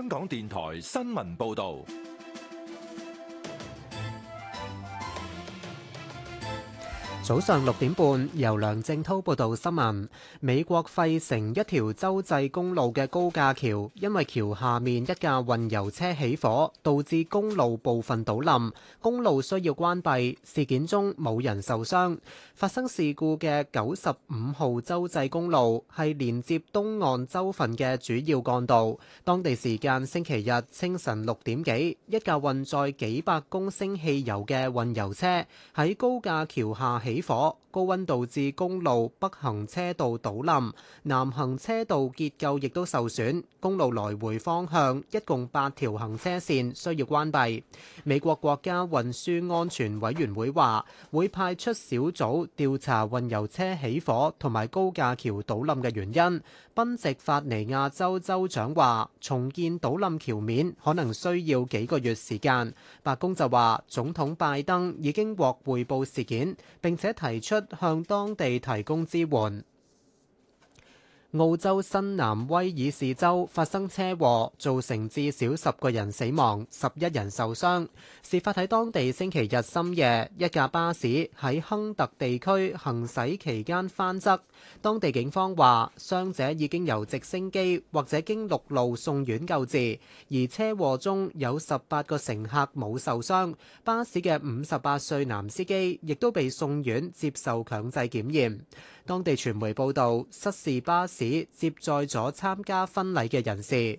香港電台新聞報道。早上六點半，由梁正濤報道新聞。美國費城一條州際公路嘅高架橋，因為橋下面一架運油車起火，導致公路部分倒冧，公路需要關閉。事件中冇人受傷。發生事故嘅九十五號州際公路係連接東岸州份嘅主要幹道。當地時間星期日清晨六點幾，一架運載幾百公升汽油嘅運油車喺高架橋下起。起火。高溫導致公路北行車道倒冧，南行車道結構亦都受損。公路來回方向一共八條行車線需要關閉。美國國家運輸安全委員會話會派出小組調查運油車起火同埋高架橋倒冧嘅原因。賓夕法尼亞州州長話重建倒冧橋面，面可能需要幾個月時間。白宮就話總統拜登已經獲匯報事件，並且提出。向當地提供支援。澳洲新南威爾士州發生車禍，造成至少十個人死亡，十一人受傷。事發喺當地星期日深夜，一架巴士喺亨特地區行駛期間翻側。當地警方話，傷者已經由直升機或者經陸路送院救治，而車禍中有十八個乘客冇受傷。巴士嘅五十八歲男司機亦都被送院接受強制檢驗。當地傳媒報道，失事巴士接載咗參加婚禮嘅人士。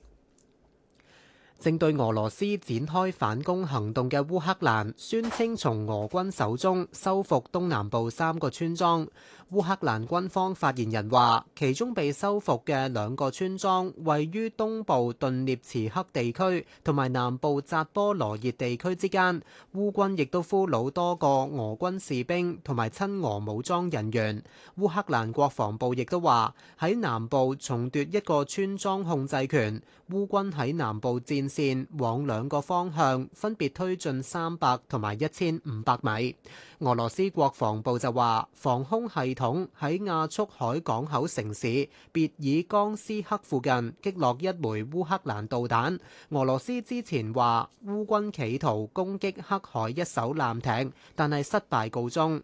正對俄羅斯展開反攻行動嘅烏克蘭，宣稱從俄軍手中收復東南部三個村莊。烏克蘭軍方發言人話，其中被收復嘅兩個村莊位於東部頓涅茨克地區同埋南部扎波羅熱地區之間。烏軍亦都俘虜多個俄軍士兵同埋親俄武裝人員。烏克蘭國防部亦都話，喺南部重奪一個村莊控制權。烏軍喺南部戰線往兩個方向分別推進三百同埋一千五百米。俄羅斯國防部就話，防空系統喺亞速海港口城市別爾江斯克附近擊落一枚烏克蘭導彈。俄羅斯之前話，烏軍企圖攻擊黑海一艘艦艇，但係失敗告終。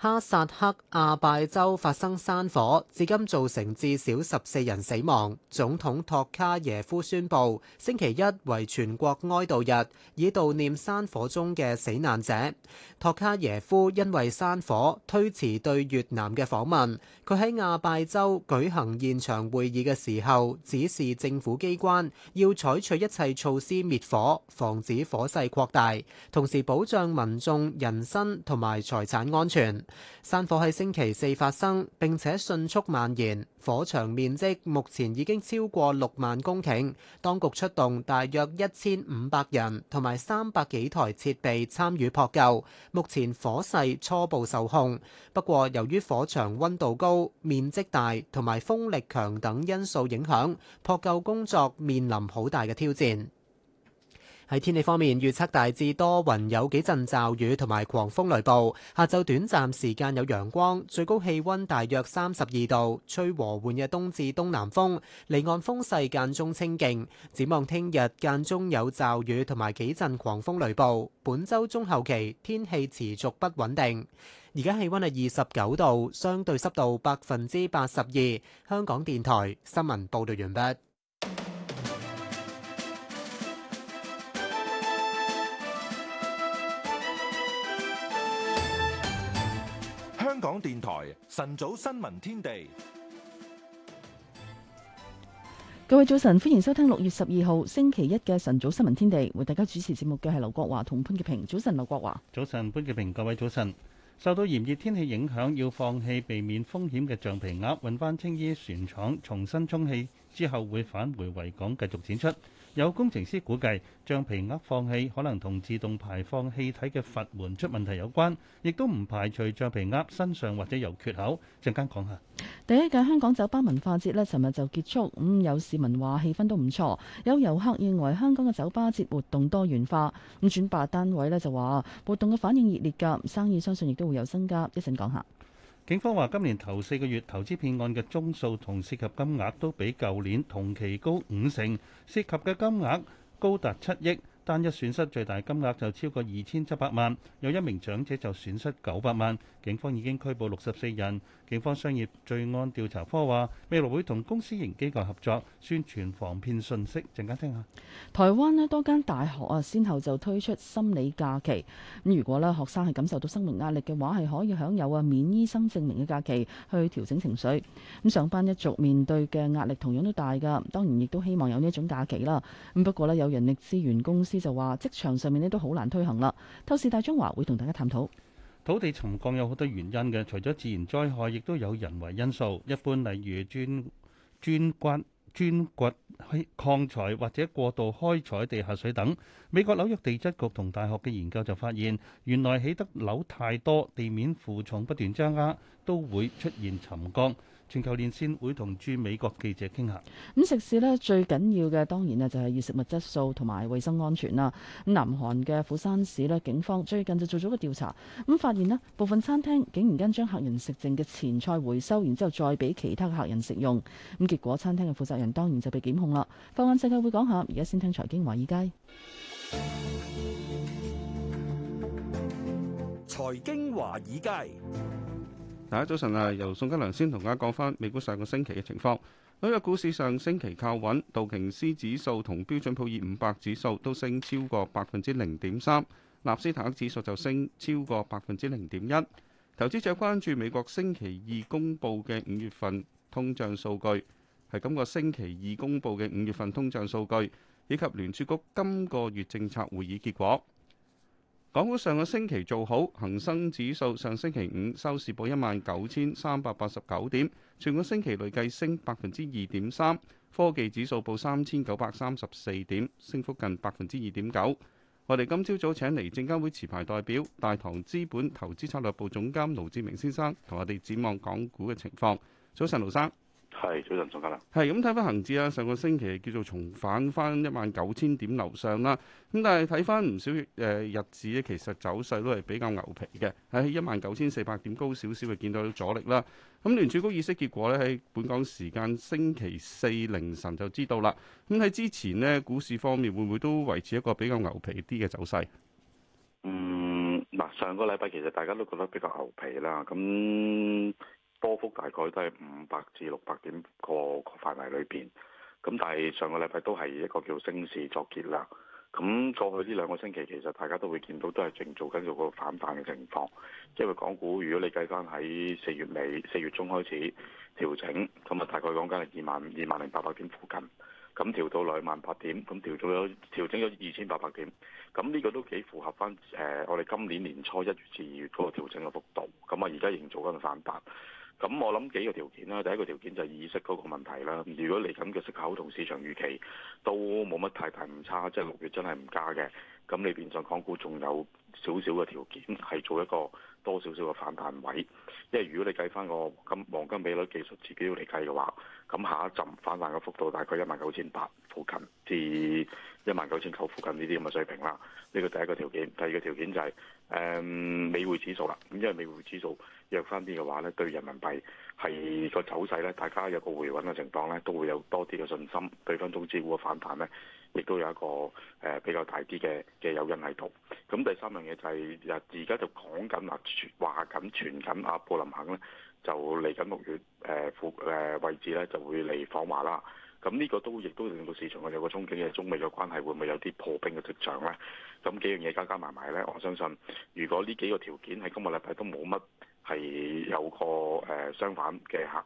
哈薩克亞拜州發生山火，至今造成至少十四人死亡。總統托卡耶夫宣布星期一為全國哀悼日，以悼念山火中嘅死難者。托卡耶夫因為山火推遲對越南嘅訪問。佢喺亞拜州舉行現場會議嘅時候，指示政府機關要採取一切措施滅火，防止火勢擴大，同時保障民眾人身同埋財產安全。山火喺星期四發生，並且迅速蔓延，火場面積目前已經超過六萬公頃。當局出動大約一千五百人同埋三百幾台設備參與撲救，目前火勢初步受控。不過，由於火場溫度高、面積大同埋風力強等因素影響，撲救工作面臨好大嘅挑戰。喺天氣方面預測大致多雲，有幾陣驟雨同埋狂風雷暴。下晝短暫時間有陽光，最高氣溫大約三十二度，吹和緩嘅東至東南風。離岸風勢間中清勁。展望聽日間中有驟雨同埋幾陣狂風雷暴。本周中後期天氣持續不穩定。而家氣溫係二十九度，相對濕度百分之八十二。香港電台新聞報道完畢。香港電台晨早新聞天地，各位早晨，歡迎收聽六月十二號星期一嘅晨早新聞天地，為大家主持節目嘅係劉國華同潘潔平。早晨，劉國華，早晨，潘潔平，各位早晨。受到炎熱天氣影響，要放氣避免風險嘅橡皮鴨，運翻青衣船廠重新充氣之後，會返回維港繼續展出。有工程師估計，橡皮鴨放氣可能同自動排放氣體嘅閥門出問題有關，亦都唔排除橡皮鴨身上或者有缺口。陣間講下。第一屆香港酒吧文化節咧，尋日就結束。咁有市民話氣氛都唔錯，有遊客認為香港嘅酒吧節活動多元化。咁轉辦單位咧就話活動嘅反應熱烈㗎，生意相信亦都會有增加。一陣講下。警方話：今年頭四個月投資騙案嘅宗數同涉及金額都比舊年同期高五成，涉及嘅金額高達七億。單一損失最大金額就超過二千七百萬，有一名長者就損失九百萬。警方已經拘捕六十四人。警方商業罪案調查科話：未來會同公私營機構合作宣傳防騙訊息。陣間聽下，台灣呢多間大學啊，先後就推出心理假期。咁如果呢學生係感受到生活壓力嘅話，係可以享有啊免醫生證明嘅假期去調整情緒。咁上班一族面對嘅壓力同樣都大㗎，當然亦都希望有呢一種假期啦。咁不過呢，有人力資源公司，就話職場上面咧都好難推行啦。透視大中華會同大家探討，土地沉降有好多原因嘅，除咗自然災害，亦都有人為因素。一般例如鑽鑽掘鑽掘開，礦材或者過度開採地下水等。美國紐約地質局同大學嘅研究就發現，原來起得樓太多，地面負重不斷增加，都會出現沉降。全球連線會同駐美國記者傾下。咁食肆咧最緊要嘅當然咧，就係要食物質素同埋衛生安全啦。咁南韓嘅釜山市咧，警方最近就做咗個調查，咁發現咧，部分餐廳竟然間將客人食剩嘅前菜回收，然之後再俾其他客人食用。咁結果餐廳嘅負責人當然就被檢控啦。放眼世界會講下，而家先聽財經華爾街。財經華爾街。大家早晨啊！由宋吉良先同大家講翻美股上個星期嘅情況。紐約股市上星期靠穩，道瓊斯指數同標準普爾五百指數都升超過百分之零點三，納斯達克指數就升超過百分之零點一。投資者關注美國星期二公布嘅五月份通脹數據，係今個星期二公布嘅五月份通脹數據，以及聯儲局今個月政策會議結果。港股上個星期做好，恆生指數上星期五收市報一萬九千三百八十九點，全個星期累計升百分之二點三。科技指數報三千九百三十四點，升幅近百分之二點九。我哋今朝早請嚟證監會持牌代表大唐資本投資策略部總監盧志明先生，同我哋展望港股嘅情況。早晨，盧生。係，早晨，宋嘉良。係咁睇翻恆指啦，上個星期叫做重返翻一萬九千點樓上啦。咁但係睇翻唔少誒日子咧，其實走勢都係比較牛皮嘅，喺一萬九千四百點高少少，就見到阻力啦。咁聯儲局議息結果咧，喺本港時間星期四凌晨就知道啦。咁喺之前呢，股市方面會唔會都維持一個比較牛皮啲嘅走勢？嗯，嗱，上個禮拜其實大家都覺得比較牛皮啦。咁波幅大概都係五百至六百點個範圍裏邊，咁但係上個禮拜都係一個叫升市作結啦。咁過去呢兩個星期其實大家都會見到都係淨做緊做個反彈嘅情況，因為港股如果你計翻喺四月尾、四月中開始調整，咁啊大概講緊係二萬二萬零八百點附近，咁調到兩萬八點，咁調咗調整咗二千八百點，咁呢個都幾符合翻誒我哋今年年初一月至二月嗰個調整嘅幅度，咁啊而家仍做緊反彈。咁我諗幾個條件啦，第一個條件就意識嗰個問題啦。如果嚟緊嘅息口同市場預期都冇乜太大誤差，即係六月真係唔加嘅，咁你變相港股仲有少少嘅條件係做一個多少少嘅反彈位，因為如果你計翻個咁黃金比率技術指標嚟計嘅話，咁下一陣反彈嘅幅度大概一萬九千八附近至一萬九千九附近呢啲咁嘅水平啦。呢個第一個條件。第二個條件就係、是、誒、嗯、美匯指數啦。咁因為美匯指數弱翻啲嘅話咧，對人民幣係個走勢咧，大家有個回穩嘅情況咧，都會有多啲嘅信心對翻中資股嘅反彈咧。亦都有一個誒、呃、比較大啲嘅嘅誘因喺度。咁第三樣嘢就係而家就講緊話傳話緊傳緊阿布林肯咧，就嚟緊六月誒、呃、副誒、呃、位置咧就會嚟訪華啦。咁呢個都亦都令到市場有個憧憬嘅中美嘅關係會唔會有啲破冰嘅跡象咧？咁幾樣嘢加加埋埋咧，我相信如果呢幾個條件喺今日禮拜都冇乜係有個誒、呃、相反嘅客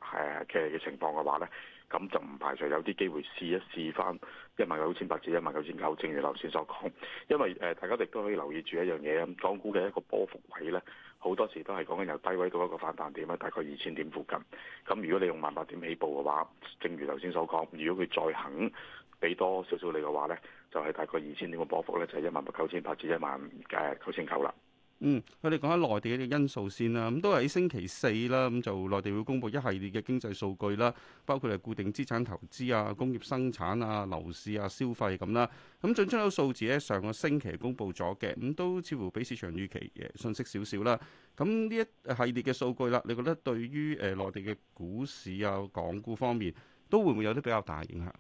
誒嘅情況嘅話咧。咁就唔排除有啲機會試一試翻一萬九千八至一萬九千九。正如頭先所講，因為誒、呃、大家亦都可以留意住一樣嘢啊，港股嘅一個波幅位呢，好多時都係講緊由低位到一個反彈點咧，大概二千點附近。咁如果你用萬八點起步嘅話，正如頭先所講，如果佢再肯俾多少少你嘅話呢，就係、是、大概二千點嘅波幅呢，就係一萬九千八至一萬誒九千九啦。1, 900, 嗯，佢哋講下內地嘅因素先啦，咁都係星期四啦，咁就內地會公布一系列嘅經濟數據啦，包括係固定資產投資啊、工業生產啊、樓市啊、消費咁啦。咁進出口數字咧，上個星期公布咗嘅，咁都似乎比市場預期嘅信息少少啦。咁呢一系列嘅數據啦，你覺得對於誒內地嘅股市啊、港股方面，都會唔會有啲比較大嘅影響？誒、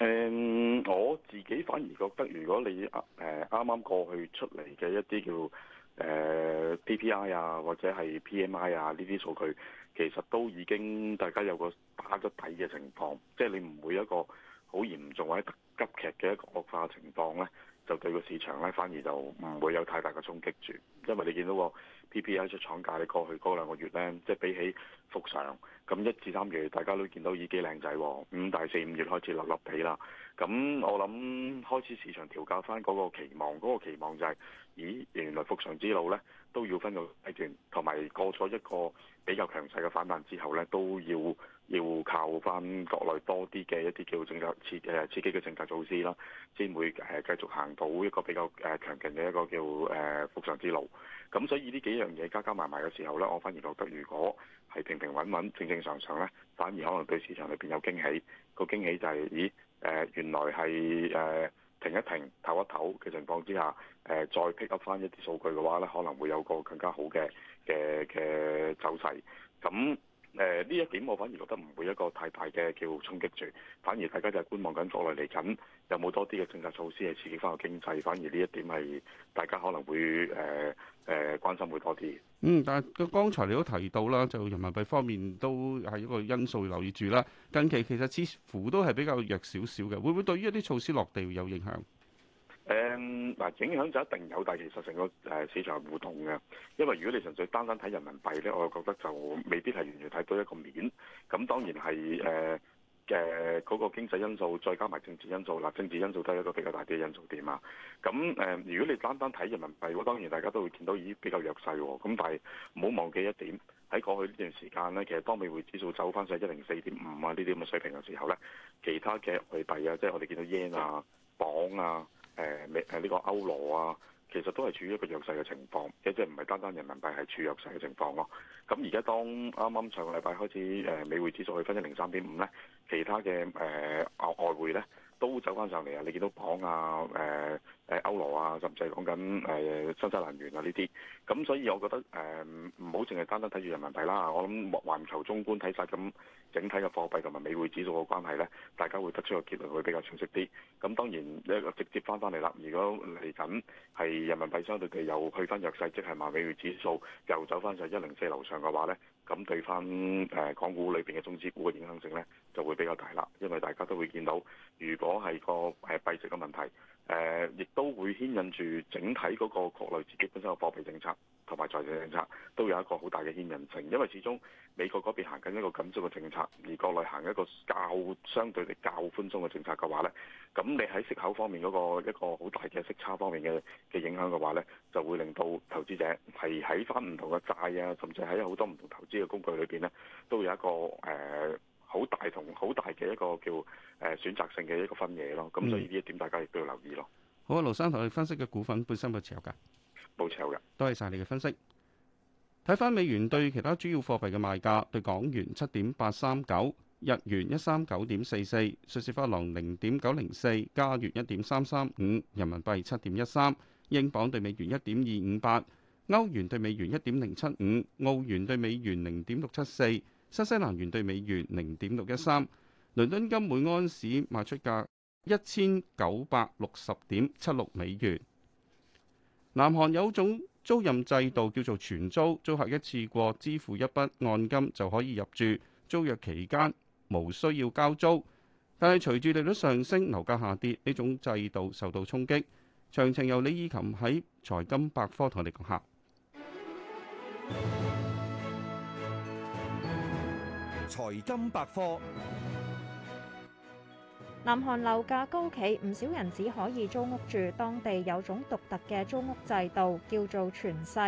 嗯，我自己反而覺得，如果你誒啱啱過去出嚟嘅一啲叫。誒、uh, PPI 啊，或者係 PMI 啊，呢啲數據其實都已經大家有個打咗底嘅情況，即係你唔會一個好嚴重或者急劇嘅一個惡化情況咧。就對個市場咧，反而就唔會有太大嘅衝擊住，因為你見到個 PPI 出廠價你過去嗰兩個月咧，即係比起復常，咁一至三月大家都見到已經靚仔喎，咁第四五月開始立立起啦，咁我諗開始市場調校翻嗰個期望，嗰、嗰個期望就係、係，咦原來復常之路咧都要分個階段，同埋過咗一個比較強勢嘅反彈之後咧，都要。要靠翻國內多啲嘅一啲叫政策誒刺激嘅政策措施啦，先會誒繼續行到一個比較誒強勁嘅一個叫誒復常之路。咁所以呢幾樣嘢加加埋埋嘅時候咧，我反而覺得如果係平平穩穩、正正常常咧，反而可能對市場裏邊有驚喜。個驚喜就係、是、咦誒，原來係誒停一停、唞一唞嘅情況之下，誒再 Pick up 翻一啲數據嘅話咧，可能會有個更加好嘅嘅嘅走勢。咁誒呢、呃、一點我反而覺得唔會一個太大嘅叫衝擊住，反而大家就係觀望緊國內嚟緊有冇多啲嘅政策措施係刺激翻個經濟，反而呢一點係大家可能會誒誒、呃呃、關心會多啲。嗯，但係剛才你都提到啦，就人民幣方面都係一個因素留意住啦。近期其實似乎都係比較弱少少嘅，會唔會對於一啲措施落地會有影響？誒嗱、嗯，影響就一定有，但係其實成個誒市場係互動嘅，因為如果你純粹單單睇人民幣咧，我就覺得就未必係完全睇到一個面。咁當然係誒嘅嗰個經濟因素，再加埋政治因素。嗱，政治因素都係一個比較大嘅因素點啊。咁誒、呃，如果你單單睇人民幣，當然大家都會見到已經比較弱勢喎。咁但係唔好忘記一點，喺過去呢段時間咧，其實當美匯指數走翻上一零四點五啊呢啲咁嘅水平嘅時候咧，其他嘅外幣啊，即係我哋見到 yen 啊、磅啊。誒美誒呢個歐羅啊，其實都係處於一個弱勢嘅情況，即係唔係單單人民幣係處於弱勢嘅情況咯。咁而家當啱啱上個禮拜開始，誒美匯指數去翻一零三點五咧，其他嘅誒、呃、外匯咧，都走翻上嚟啊！你見到港啊，誒誒歐羅啊，甚至就係講緊新西蘭元啊呢啲，咁所以我覺得誒唔好淨係單單睇住人民幣啦。我諗環球中觀睇晒咁整體嘅貨幣同埋美匯指數嘅關係呢，大家會得出個結論會比較清晰啲。咁當然一個直接翻翻嚟啦。如果嚟緊係人民幣相對地又去翻弱勢，即係買美匯指數又走翻上一零四樓上嘅話呢。咁對翻誒港股裏邊嘅中資股嘅影響性咧，就會比較大啦，因為大家都會見到，如果係個誒幣值嘅問題。誒，亦都會牽引住整體嗰個國內自己本身嘅貨幣政策同埋財政政策，都有一個好大嘅牽引性。因為始終美國嗰邊行緊一個緊縮嘅政策，而國內行一個較相對嚟較寬鬆嘅政策嘅話咧，咁你喺息口方面嗰個一個好大嘅息差方面嘅嘅影響嘅話咧，就會令到投資者係喺翻唔同嘅債啊，甚至喺好多唔同投資嘅工具裏邊咧，都有一個誒，呃好大同好大嘅一個叫誒選擇性嘅一個分野咯，咁所以呢一點大家亦都要留意咯。好啊，盧生同你分析嘅股份本身有冇持有噶？冇持有嘅。多謝晒你嘅分析。睇翻美元對其他主要貨幣嘅賣價，對港元七點八三九，日元一三九點四四，瑞士法郎零點九零四，加元一點三三五，人民幣七點一三，英鎊對美元一點二五八，歐元對美元一點零七五，澳元對美元零點六七四。新西蘭元對美元零點六一三，倫敦金每安士賣出價一千九百六十點七六美元。南韓有種租賃制度叫做全租，租客一次過支付一筆按金就可以入住，租約期間無需要交租。但係隨住利率上升、樓價下跌，呢種制度受到衝擊。詳情由李以琴喺財金百科同我哋講下。財金百科。南韓樓價高企，唔少人只可以租屋住。當地有種獨特嘅租屋制度，叫做全世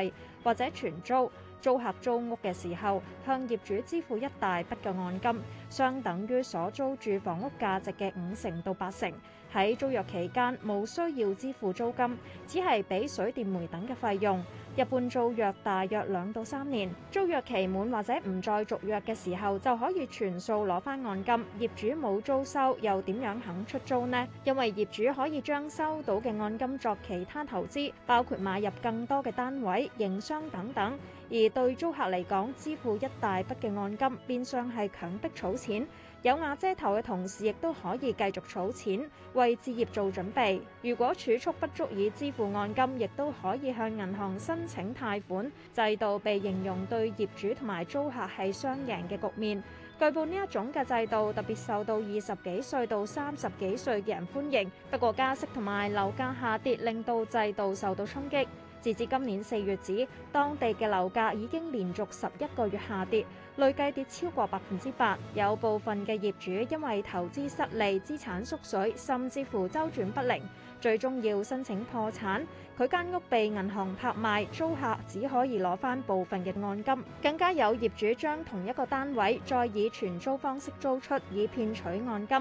或者全租。租客租屋嘅時候，向業主支付一大筆嘅按金，相等於所租住房屋價值嘅五成到八成。喺租約期間，冇需要支付租金，只係俾水電煤等嘅費用。一般租約大約兩到三年，租約期滿或者唔再續約嘅時候，就可以全數攞翻按金。業主冇租收，又點樣肯出租呢？因為業主可以將收到嘅按金作其他投資，包括買入更多嘅單位、營商等等。而對租客嚟講，支付一大筆嘅按金，變相係強迫儲錢。有瓦遮頭嘅同時，亦都可以繼續儲錢為置業做準備。如果儲蓄不足以支付按金，亦都可以向銀行申請貸款。制度被形容對業主同埋租客係雙贏嘅局面。據報呢一種嘅制度特別受到二十幾歲到三十幾歲嘅人歡迎。不過，加息同埋樓價下跌令到制度受到衝擊。截至今年四月止，當地嘅樓價已經連續十一個月下跌。累計跌超過百分之八，有部分嘅業主因為投資失利，資產縮水，甚至乎周轉不靈，最終要申請破產。佢間屋被銀行拍賣，租客只可以攞翻部分嘅按金。更加有業主將同一個單位再以全租方式租出，以騙取按金。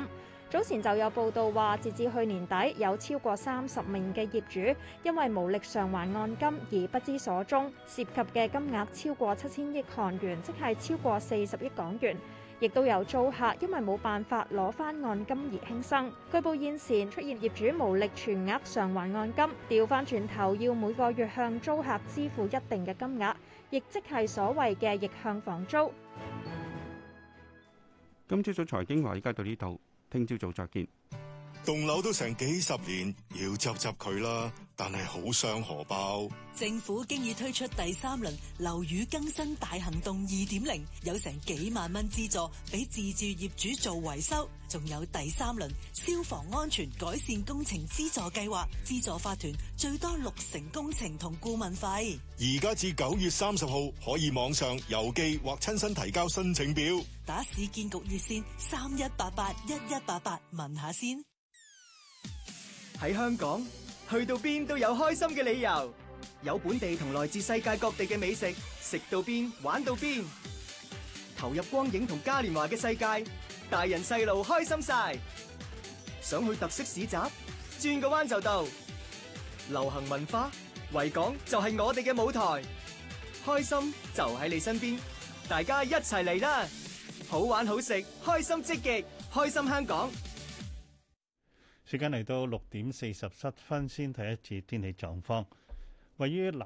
早前就有報道話，截至去年底，有超過三十名嘅業主因為無力償還按金而不知所終，涉及嘅金額超過七千億韓元，即係超過四十億港元。亦都有租客因為冇辦法攞翻按金而輕生。據報現時出現業主無力全額償還按金，調翻轉頭要每個月向租客支付一定嘅金額，亦即係所謂嘅逆向房租。今朝早財經話而家講到呢度。聽朝早再見。棟樓都成幾十年，要執執佢啦。但係好傷荷包。政府經已推出第三輪樓宇更新大行動二點零，有成幾萬蚊資助俾自住業主做維修，仲有第三輪消防安全改善工程資助計劃，資助法團最多六成工程同顧問費。而家至九月三十號可以網上、郵寄或親身提交申請表，打市建局熱線三一八八一一八八問下先。喺香港。去到邊都有開心嘅理由，有本地同來自世界各地嘅美食，食到邊玩到邊，投入光影同嘉年華嘅世界，大人細路開心晒。想去特色市集，轉個彎就到。流行文化，維港就係我哋嘅舞台，開心就喺你身邊，大家一齊嚟啦！好玩好食，開心積極，開心香港。時間嚟到六點四十七分，先睇一次天氣狀況，位於南。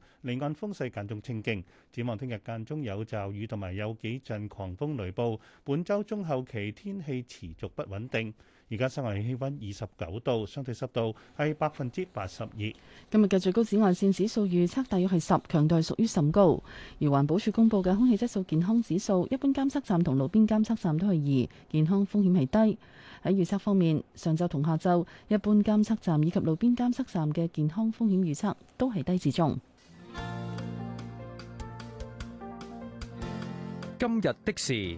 離岸風勢間中清勁，展望聽日間中有驟雨，同埋有，有幾陣狂風雷暴。本周中後期天氣持續不穩定。而家室外氣溫二十九度，相對濕度係百分之八十二。今日嘅最高紫外線指數預測大約係十，強度係屬於甚高。而環保署公布嘅空氣質素健康指數，一般監測站同路邊監測站都係二，健康風險係低。喺預測方面，上晝同下晝，一般監測站以及路邊監測站嘅健康風險預測都係低至中。今日的事，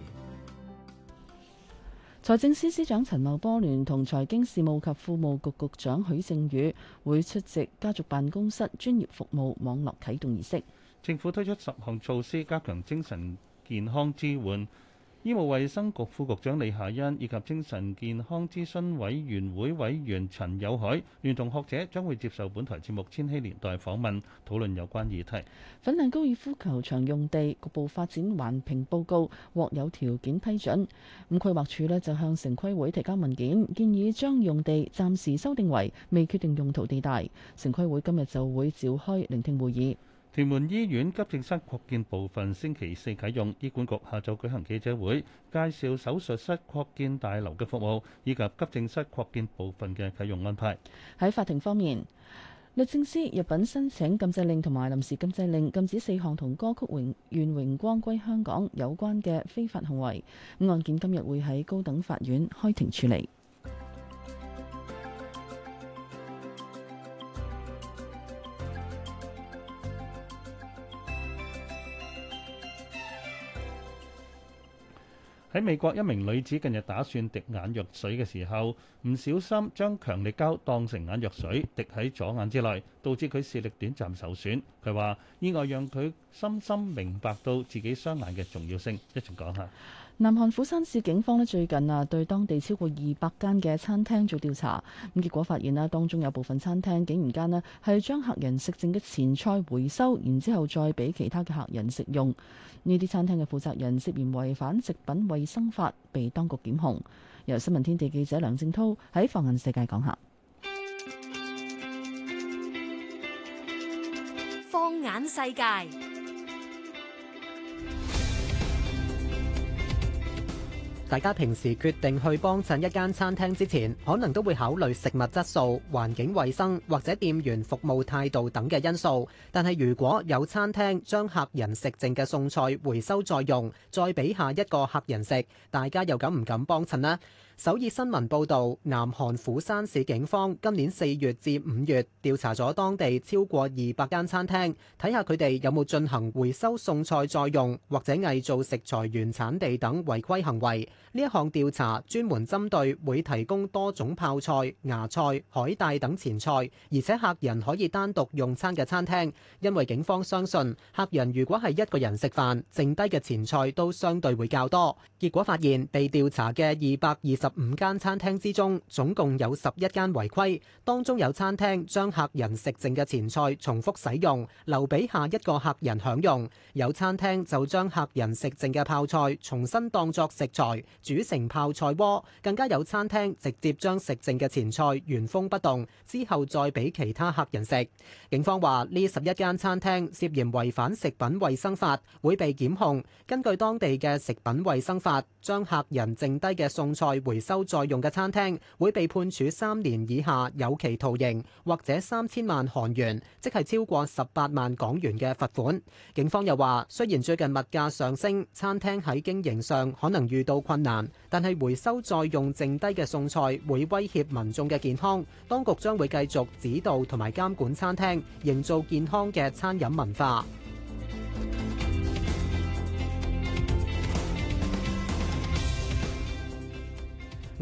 財政司司長陳茂波聯同財經事務及庫務局局長許正宇會出席家族辦公室專業服務網絡啟動儀式。政府推出十項措施加強精神健康支援。醫務衛生局副局長李夏欣以及精神健康諮詢委員會委員陳友海，聯同學者將會接受本台節目《千禧年代》訪問，討論有關議題。粉嶺高爾夫球場用地局部發展環評報告獲有條件批准，咁規劃署呢就向城規會提交文件，建議將用地暫時修訂為未決定用途地帶，城規會今日就會召開聆聽會議。屯門醫院急症室擴建部分星期四啟用，醫管局下晝舉行記者會，介紹手術室擴建大樓嘅服務，以及急症室擴建部分嘅啟用安排。喺法庭方面，律政司入禀申請禁制令同埋臨時禁制令，禁止四項同歌曲《願榮光歸香港》有關嘅非法行為。案件今日會喺高等法院開庭處理。喺美國，一名女子近日打算滴眼藥水嘅時候，唔小心將強力膠當成眼藥水滴喺左眼之內，導致佢視力短暫受損。佢話意外讓佢深深明白到自己雙眼嘅重要性。一陣講下。南韓釜山市警方咧，最近啊，對當地超過二百間嘅餐廳做調查，咁結果發現咧，當中有部分餐廳竟然間咧係將客人食剩嘅前菜回收，然之後再俾其他嘅客人食用。呢啲餐廳嘅負責人涉嫌違反食品衛生法，被當局檢控。由新聞天地記者梁正濤喺放眼世界講下。放眼世界。大家平時決定去幫襯一間餐廳之前，可能都會考慮食物質素、環境衛生，或者店員服務態度等嘅因素。但係如果有餐廳將客人食剩嘅餸菜回收再用，再俾下一個客人食，大家又敢唔敢幫襯呢？首爾新聞報導，南韓釜山市警方今年四月至五月調查咗當地超過二百間餐廳，睇下佢哋有冇進行回收餸菜再用或者偽造食材原產地等違規行為。呢一項調查專門針對會提供多種泡菜、芽菜、海帶等前菜，而且客人可以單獨用餐嘅餐廳，因為警方相信客人如果係一個人食飯，剩低嘅前菜都相對會較多。結果發現被調查嘅二百二十十五間餐廳之中，總共有十一間違規，當中有餐廳將客人食剩嘅前菜重複使用，留畀下一個客人享用；有餐廳就將客人食剩嘅泡菜重新當作食材煮成泡菜鍋，更加有餐廳直接將食剩嘅前菜原封不動，之後再畀其他客人食。警方話呢十一間餐廳涉嫌違反食品衛生法，會被檢控。根據當地嘅食品衛生法，將客人剩低嘅餸菜回收再用嘅餐廳，會被判處三年以下有期徒刑或者三千萬韓元，即係超過十八萬港元嘅罰款。警方又話，雖然最近物價上升，餐廳喺經營上可能遇到困難，但係回收再用剩低嘅餸菜會威脅民眾嘅健康。當局將會繼續指導同埋監管餐廳，營造健康嘅餐飲文化。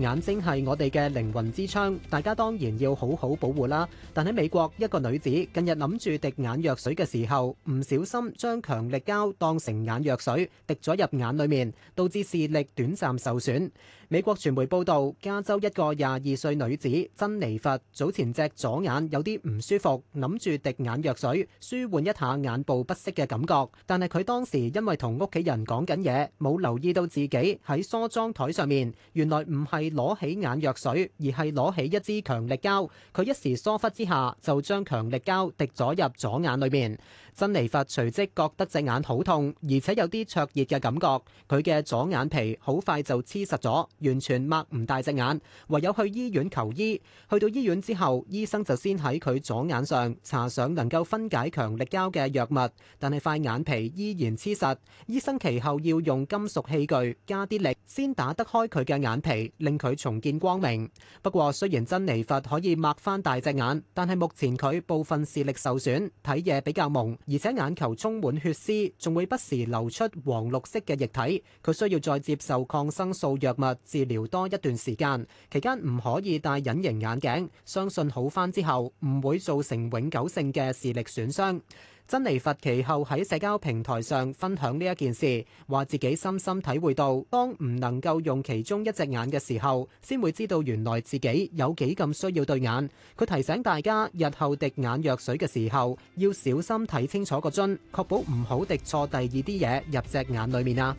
眼睛係我哋嘅靈魂之窗，大家當然要好好保護啦。但喺美國，一個女子近日諗住滴眼藥水嘅時候，唔小心將強力膠當成眼藥水滴咗入眼裏面，導致視力短暫受損。美國傳媒報道，加州一個廿二歲女子珍妮佛早前隻左眼有啲唔舒服，諗住滴眼藥水舒緩一下眼部不適嘅感覺，但係佢當時因為同屋企人講緊嘢，冇留意到自己喺梳妝台上面，原來唔係攞起眼藥水，而係攞起一支強力膠。佢一時疏忽之下，就將強力膠滴咗入左眼裏面。珍妮佛隨即覺得隻眼好痛，而且有啲灼熱嘅感覺。佢嘅左眼皮好快就黐實咗，完全擘唔大隻眼，唯有去醫院求醫。去到醫院之後，醫生就先喺佢左眼上搽上能夠分解強力膠嘅藥物，但係塊眼皮依然黐實。醫生其後要用金屬器具加啲力先打得開佢嘅眼皮，令佢重見光明。不過，雖然珍妮佛可以擘返大隻眼，但係目前佢部分視力受損，睇嘢比較矇。而且眼球充滿血絲，仲會不時流出黃綠色嘅液體。佢需要再接受抗生素藥物治療多一段時間，期間唔可以戴隱形眼鏡。相信好返之後，唔會造成永久性嘅視力損傷。珍妮佛其後喺社交平台上分享呢一件事，話自己深深體會到，當唔能夠用其中一隻眼嘅時候，先會知道原來自己有幾咁需要對眼。佢提醒大家，日後滴眼藥水嘅時候，要小心睇清楚個樽，確保唔好滴錯第二啲嘢入隻眼裡面呀。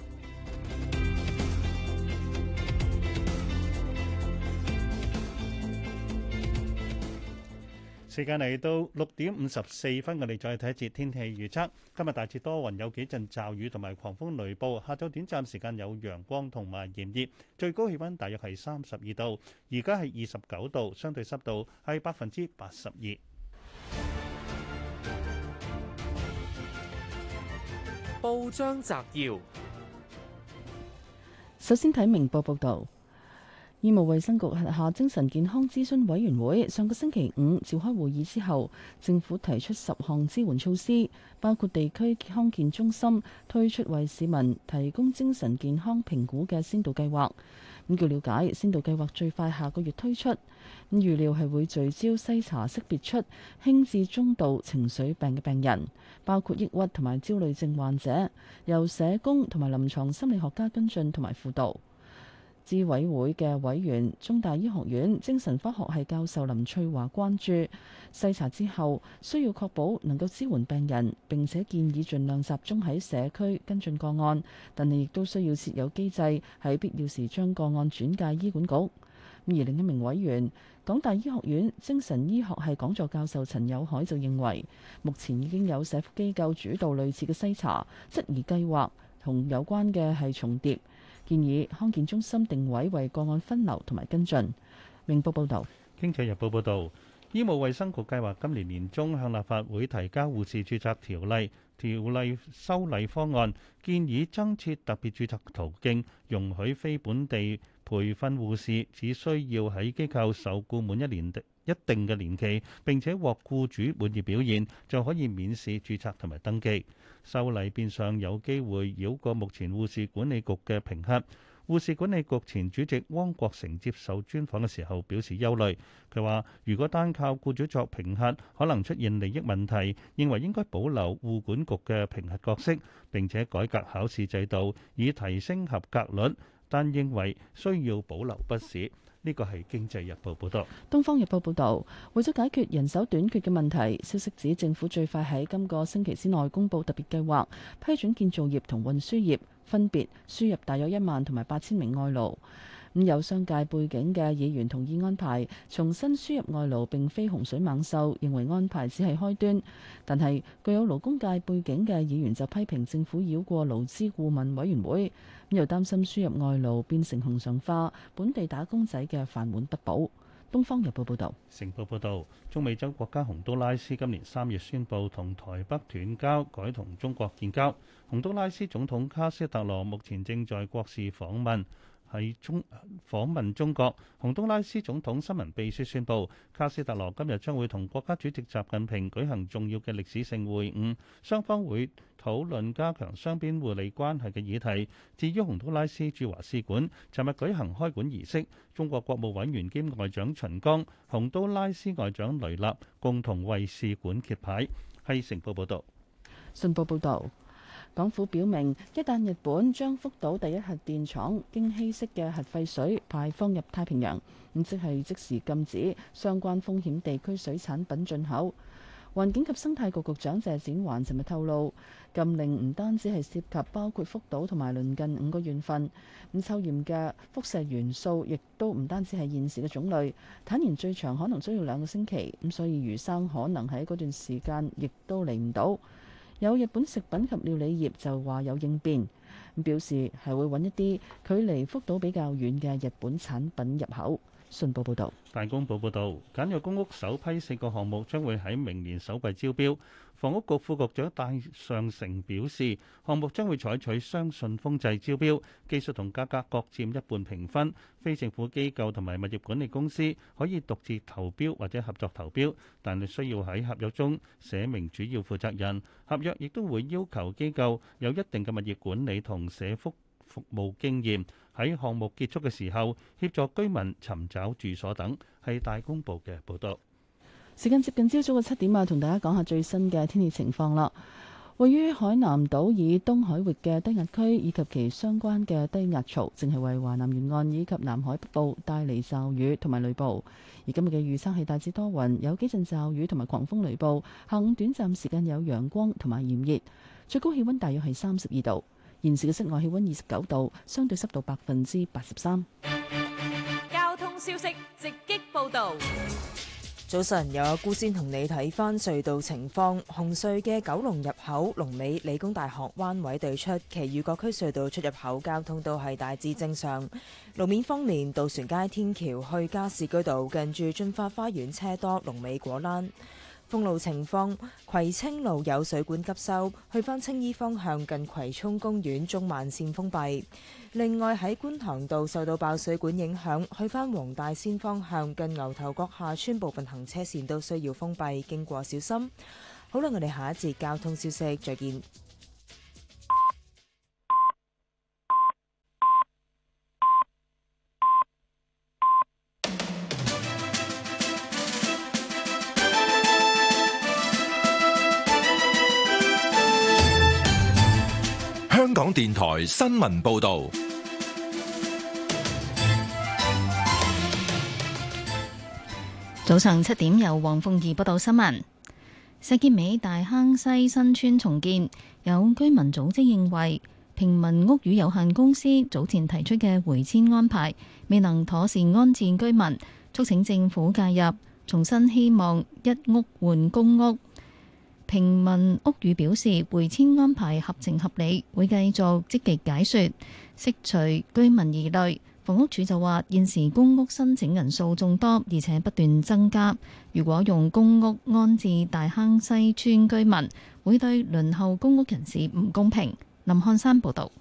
時間嚟到六點五十四分，我哋再睇一節天氣預測。今日大致多雲，有幾陣驟雨同埋狂風雷暴。下晝短暫時間有陽光同埋炎熱，最高氣温大約係三十二度。而家係二十九度，相對濕度係百分之八十二。報章摘要，首先睇明報報道。醫務衛生局轄下精神健康諮詢委員會上個星期五召開會議之後，政府提出十項支援措施，包括地區康健中心推出為市民提供精神健康評估嘅先導計劃。咁據了解，先導計劃最快下個月推出，咁預料係會聚焦篩查識別出輕至中度情緒病嘅病人，包括抑鬱同埋焦慮症患者，由社工同埋臨牀心理學家跟進同埋輔導。諮委會嘅委員中大醫學院精神科學系教授林翠華關注篩查之後，需要確保能夠支援病人，並且建議儘量集中喺社區跟進個案，但係亦都需要設有機制喺必要時將個案轉介醫管局。而另一名委員港大醫學院精神醫學系講座教授陳友凱就認為，目前已經有社福機構主導類似嘅篩查，質疑計劃同有關嘅係重疊。建議康健中心定位為個案分流同埋跟進。明報報導，《經濟日報》報導，醫務衛生局計劃今年年中向立法會提交護士註冊條例條例修例方案，建議增設特別註冊途徑，容許非本地培訓護士只需要喺機構受雇滿一年的，一定嘅年期，並且獲僱主滿意表現，就可以免試註冊同埋登記，修例變相有機會繞過目前護士管理局嘅評核。護士管理局前主席汪國成接受專訪嘅時候表示憂慮，佢話：如果單靠僱主作評核，可能出現利益問題，認為應該保留護管局嘅評核角色，並且改革考試制度以提升合格率，但認為需要保留筆試。呢個係《經濟日報》報導，《東方日報》報導，為咗解決人手短缺嘅問題，消息指政府最快喺今個星期之內公佈特別計劃，批准建造業同運輸業分別輸入大約一萬同埋八千名外勞。咁有商界背景嘅議員同意安排重新輸入外勞，並非洪水猛獸，認為安排只係開端。但係具有勞工界背景嘅議員就批評政府繞過勞資顧問委員會。又擔心輸入外勞變成紅上花，本地打工仔嘅飯碗不保。《東方日報》報道。《成報》報導，中美洲國家洪都拉斯今年三月宣布同台北斷交，改同中國建交。洪都拉斯總統卡斯特羅目前正在國事訪問。係中訪問中國，洪都拉斯總統新聞秘書宣佈，卡斯特羅今日將會同國家主席習近平舉行重要嘅歷史性會晤，雙方會討論加強雙邊互利關係嘅議題。至於洪都拉斯駐華使館，尋日舉行開館儀式，中國國務委員兼外長秦剛、洪都拉斯外長雷納共同為使館揭牌。係成報報導。信報報導。港府表明，一旦日本將福島第一核電廠經稀釋嘅核廢水排放入太平洋，咁即係即時禁止相關風險地區水產品進口。環境及生態局局長謝展環尋日透露，禁令唔單止係涉及包括福島同埋鄰近五個縣份，咁抽驗嘅輻射元素亦都唔單止係現時嘅種類。坦言最長可能需要兩個星期，咁所以魚生可能喺嗰段時間亦都嚟唔到。有日本食品及料理業就話有應變，表示係會揾一啲距離福島比較遠嘅日本產品入口。信報報導，大公報報導，簡約公屋首批四個項目將會喺明年首季招標。房屋局副局長戴尚成表示，項目將會採取雙信封制招標，技術同價格各佔一半評分。非政府機構同埋物業管理公司可以獨自投標或者合作投標，但係需要喺合約中寫明主要負責人。合約亦都會要求機構有一定嘅物業管理同社福服務經驗喺項目結束嘅時候協助居民尋找住所等，係大公報嘅報道。時間接近朝早嘅七點啊，同大家講下最新嘅天氣情況啦。位於海南島以東海域嘅低壓區以及其相關嘅低壓槽，正係為華南沿岸以及南海北部帶嚟驟雨同埋雷暴。而今日嘅預測係大致多雲，有幾陣驟雨同埋狂風雷暴，下午短暫時間有陽光同埋炎熱，最高氣溫大約係三十二度。現時嘅室外氣溫二十九度，相對濕度百分之八十三。交通消息直擊報道。早晨，有阿姑先同你睇翻隧道情況。紅隧嘅九龍入口、龍尾、理工大學、灣位對出，其餘各區隧道出入口交通都係大致正常。路面方面，渡船街天橋去加士居道近住駿發花園車多，龍尾果欄。公路情況，葵青路有水管急修，去返青衣方向近葵涌公園中慢線封閉。另外喺觀塘道受到爆水管影響，去翻黃大仙方向近牛頭角下村部分行車線都需要封閉，經過小心。好啦，我哋下一節交通消息再見。香港電台新聞報道，早上七點由黃鳳儀報道新聞。石硤尾大坑西新村重建，有居民組織認為，平民屋宇有限公司早前提出嘅回遷安排未能妥善安置居民，促請政府介入，重新希望一屋換公屋。平民屋宇表示回遷安排合情合理，會繼續積極解說，釋除居民疑慮。房屋署就話現時公屋申請人數眾多，而且不斷增加。如果用公屋安置大坑西邨居民，會對輪候公屋人士唔公平。林漢山報道。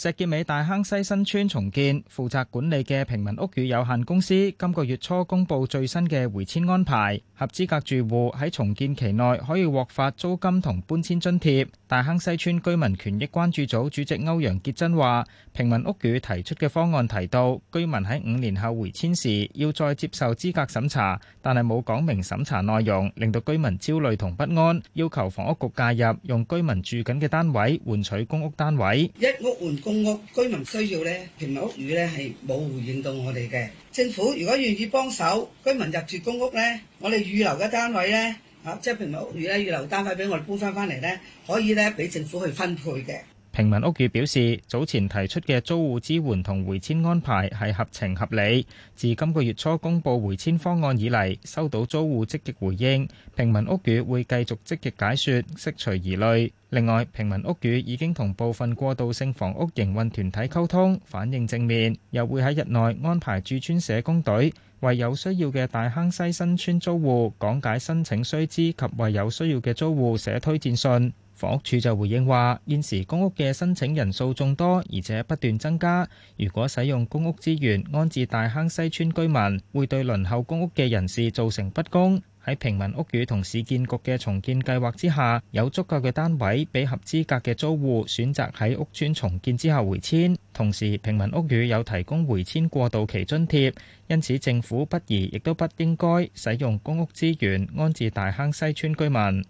石硤尾大坑西新村重建負責管理嘅平民屋宇有限公司今個月初公布最新嘅回遷安排，合資格住戶喺重建期內可以獲發租金同搬遷津貼。大坑西村居民權益關注組主席歐陽傑珍話，平民屋宇提出嘅方案提到，居民喺五年後回遷時要再接受資格審查，但係冇講明審查內容，令到居民焦慮同不安，要求房屋局介入，用居民住緊嘅單位換取公屋單位，一屋換。公屋居民需要咧，平民屋宇咧係冇回應到我哋嘅政府。如果願意幫手居民入住公屋咧，我哋預留嘅單位咧，吓，即係平民屋宇咧預留單位俾我哋搬翻翻嚟咧，可以咧俾政府去分配嘅。平民屋宇表示早前提出嘅租戶支援同回遷安排係合情合理。自今個月初公布回遷方案以嚟，收到租戶積極回應。平民屋宇會繼續積極解說，釋除疑慮。另外，平民屋宇已經同部分過渡性房屋營運團體溝通，反映正面，又會喺日內安排駐村社工隊為有需要嘅大坑西新村租戶講解申請須知，及為有需要嘅租戶寫推薦信。房屋署就回應話：現時公屋嘅申請人數眾多，而且不斷增加。如果使用公屋資源安置大坑西村居民，會對輪候公屋嘅人士造成不公。喺平民屋宇同市建局嘅重建計劃之下，有足夠嘅單位俾合資格嘅租戶選擇喺屋邨重建之後回遷。同時，平民屋宇有提供回遷過渡期津貼，因此政府不宜亦都不應該使用公屋資源安置大坑西村居民。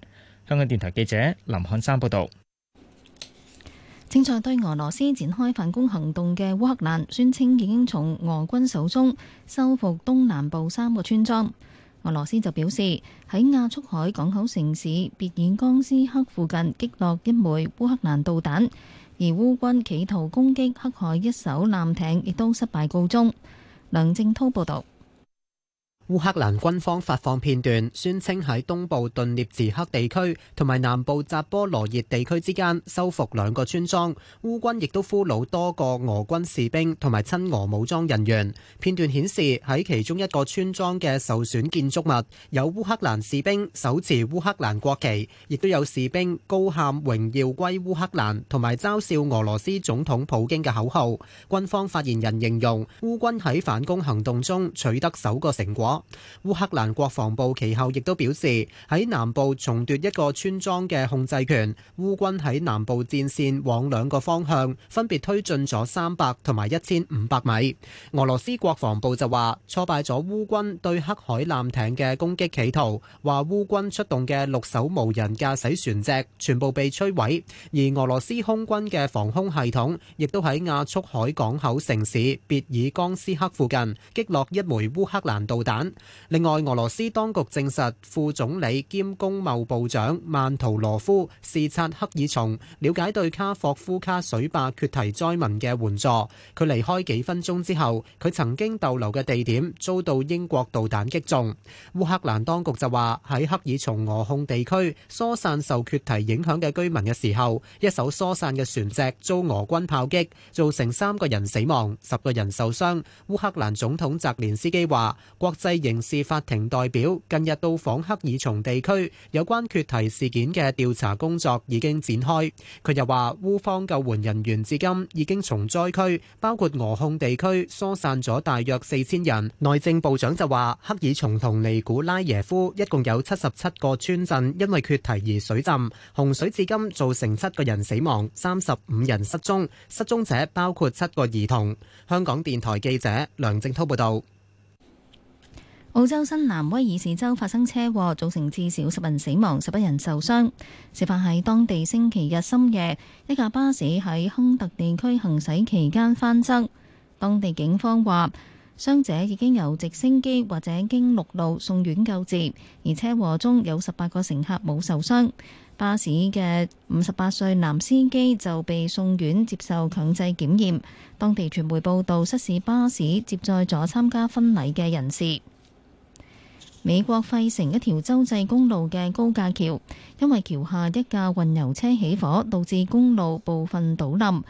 香港電台記者林漢山報道：正在對俄羅斯展開反攻行動嘅烏克蘭，宣稱已經從俄軍手中收復東南部三個村莊。俄羅斯就表示，喺亞速海港口城市別爾江斯克附近擊落一枚烏克蘭導彈，而烏軍企圖攻擊黑海一艘艦艇，亦都失敗告終。梁正濤報道。烏克蘭軍方發放片段，宣稱喺東部頓涅茨克地區同埋南部扎波羅熱地區之間收復兩個村莊，烏軍亦都俘虜多個俄軍士兵同埋親俄武裝人員。片段顯示喺其中一個村莊嘅受損建築物，有烏克蘭士兵手持烏克蘭國旗，亦都有士兵高喊「榮耀歸烏克蘭」同埋嘲笑俄羅斯總統普京嘅口號。軍方發言人形容烏軍喺反攻行動中取得首個成果。烏克蘭國防部其後亦都表示，喺南部重奪一個村莊嘅控制權。烏軍喺南部戰線往兩個方向分別推進咗三百同埋一千五百米。俄羅斯國防部就話挫敗咗烏軍對黑海艦艇嘅攻擊企圖，話烏軍出動嘅六艘無人駕駛船隻全部被摧毀，而俄羅斯空軍嘅防空系統亦都喺亞速海港口城市別爾江斯克附近擊落一枚烏克蘭導彈。另外，俄羅斯當局證實，副總理兼工貿部長曼圖羅夫視察克爾松，了解對卡霍夫卡水壩決堤災民嘅援助。佢離開幾分鐘之後，佢曾經逗留嘅地點遭到英國導彈擊中。烏克蘭當局就話喺克爾松俄控地區疏散受決堤影響嘅居民嘅時候，一艘疏散嘅船隻遭俄軍炮擊，造成三個人死亡、十個人受傷。烏克蘭總統澤連斯基話：國際刑事法庭代表近日到訪克爾松地區，有關缺堤事件嘅調查工作已經展開。佢又話，烏方救援人員至今已經從災區，包括俄控地區，疏散咗大約四千人。內政部長就話，克爾松同尼古拉耶夫一共有七十七個村鎮因為缺堤而水浸，洪水至今造成七個人死亡，三十五人失蹤，失蹤者包括七個兒童。香港電台記者梁正濤報道。澳洲新南威爾士州發生車禍造成至少十人死亡，十一人受傷。事發喺當地星期日深夜，一架巴士喺亨特地區行駛期間翻側，當地警方話，傷者已經由直升機或者經陸路送院救治，而車禍中有十八個乘客冇受傷。巴士嘅五十八歲男司機就被送院接受強制檢驗，當地傳媒報道，失事巴士接載咗參加婚禮嘅人士。美國費城一條州際公路嘅高架橋，因為橋下一架運油車起火，導致公路部分倒冧，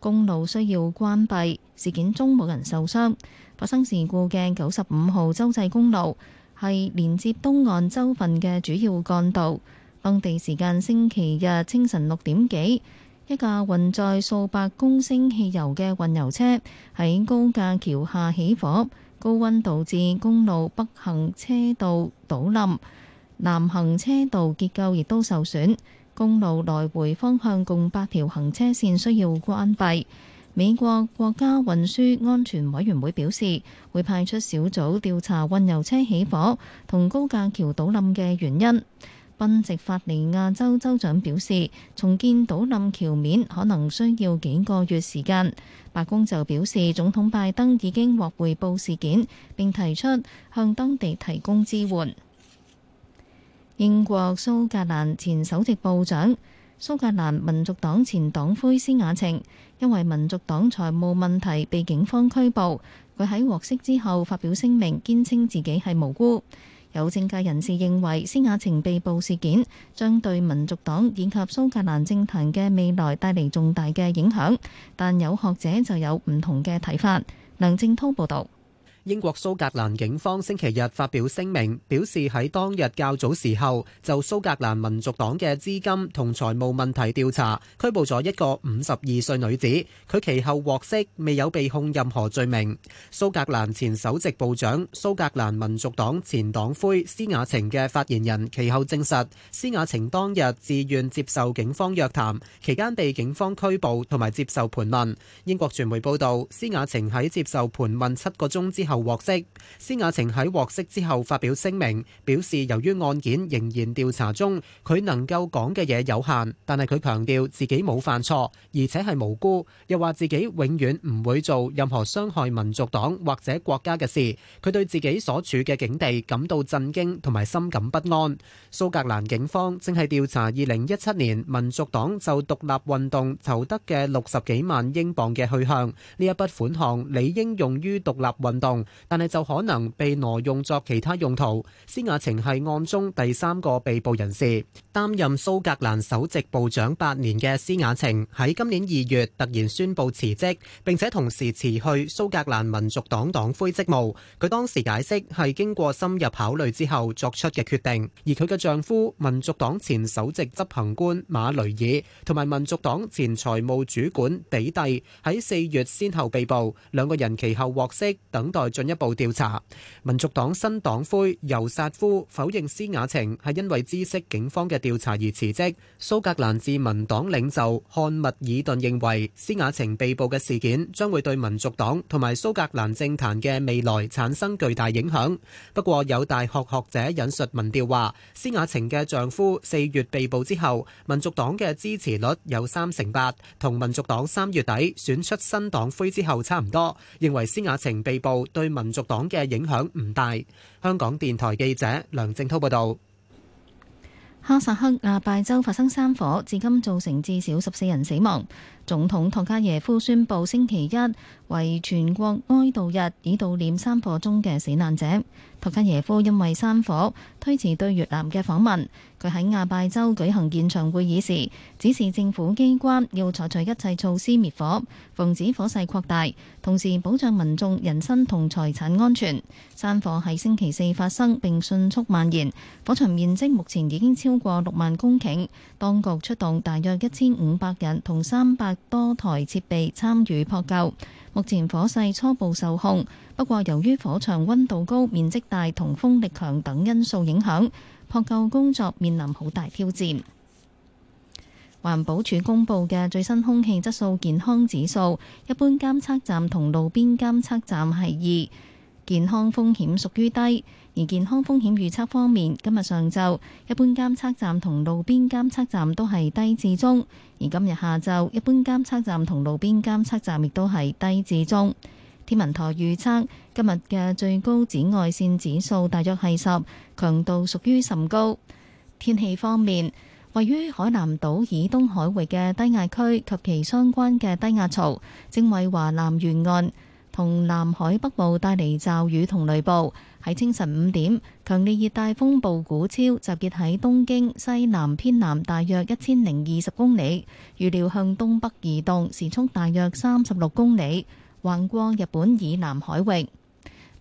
公路需要關閉。事件中冇人受傷。發生事故嘅九十五號州際公路係連接東岸州份嘅主要幹道。當地時間星期日清晨六點幾，一架運載數百公升汽油嘅運油車喺高架橋下起火。高溫導致公路北行車道倒冧，南行車道結構亦都受損。公路來回方向共八條行車線需要關閉。美國國家運輸安全委員會表示，會派出小組調查運油車起火同高架橋倒冧嘅原因。賓夕法尼亞州州長表示，重建倒冧橋面可能需要幾個月時間。白宮就表示，總統拜登已經獲回報事件，並提出向當地提供支援。英國蘇格蘭前首席部長、蘇格蘭民族黨前黨魁施雅晴，因為民族黨財務問題被警方拘捕。佢喺獲釋之後發表聲明，堅稱自己係無辜。有政界人士認為，施雅晴被捕事件將對民族黨以及蘇格蘭政壇嘅未來帶嚟重大嘅影響，但有學者就有唔同嘅睇法。梁正滔報導。英國蘇格蘭警方星期日發表聲明，表示喺當日較早時候就蘇格蘭民族黨嘅資金同財務問題調查，拘捕咗一個五十二歲女子。佢其後獲釋，未有被控任何罪名。蘇格蘭前首席部長、蘇格蘭民族黨前黨魁施雅晴嘅發言人其後證實，施雅晴當日自願接受警方約談，期間被警方拘捕同埋接受盤問。英國傳媒報道，施雅晴喺接受盤問七個鐘之後獲釋，施雅晴喺獲釋之後發表聲明，表示由於案件仍然調查中，佢能夠講嘅嘢有限，但係佢強調自己冇犯錯，而且係無辜。又話自己永遠唔會做任何傷害民族黨或者國家嘅事。佢對自己所處嘅境地感到震驚同埋心感不安。蘇格蘭警方正係調查2017年民族黨就獨立運動籌得嘅六十幾萬英鎊嘅去向，呢一筆款項理應用於獨立運動。但係就可能被挪用作其他用途。施雅晴係案中第三個被捕人士，擔任蘇格蘭首席部長八年嘅施雅晴喺今年二月突然宣布辭職，並且同時辭去蘇格蘭民族黨黨魁職務。佢當時解釋係經過深入考慮之後作出嘅決定。而佢嘅丈夫民族黨前首席執行官馬雷爾同埋民族黨前財務主管比蒂喺四月先後被捕，兩個人其後獲釋，等待。進一步調查。民族黨新黨魁尤薩夫否認施雅晴係因為知識警方嘅調查而辭職。蘇格蘭自民黨領袖漢密爾頓認為，施雅晴被捕嘅事件將會對民族黨同埋蘇格蘭政壇嘅未來產生巨大影響。不過有大學學者引述民調話，施雅晴嘅丈夫四月被捕之後，民族黨嘅支持率有三成八，同民族黨三月底選出新黨魁之後差唔多。認為施雅晴被捕。對民族黨嘅影響唔大。香港電台記者梁正濤報道：哈薩克阿拜州發生山火，至今造成至少十四人死亡。總統托卡耶夫宣布星期一為全國哀悼日，以悼念山火中嘅死難者。托卡耶夫因為山火推遲對越南嘅訪問。佢喺亞拜州舉行現場會議時，指示政府機關要採取一切措施滅火，防止火勢擴大，同時保障民眾人身同財產安全。山火喺星期四發生並迅速蔓延，火場面積目前已經超過六萬公頃。當局出動大約一千五百人同三百多台設備參與撲救，目前火勢初步受控。不過由於火場溫度高、面積大同風力強等因素影響，撲救工作面臨好大挑戰。環保署公佈嘅最新空氣質素健康指數，一般監測站同路邊監測站係二，健康風險屬於低。而健康風險預測方面，今日上晝一般監測站同路邊監測站都係低至中；而今日下晝一般監測站同路邊監測站亦都係低至中。天文台預測今日嘅最高紫外線指數大約係十，強度屬於甚高。天氣方面，位於海南島以東海域嘅低壓區及其相關嘅低壓槽，正為華南沿岸同南海北部帶嚟驟雨同雷暴。喺清晨五點，強烈熱帶風暴古超集結喺東京西南偏南大約一千零二十公里，預料向東北移動，時速大約三十六公里，橫過日本以南海域。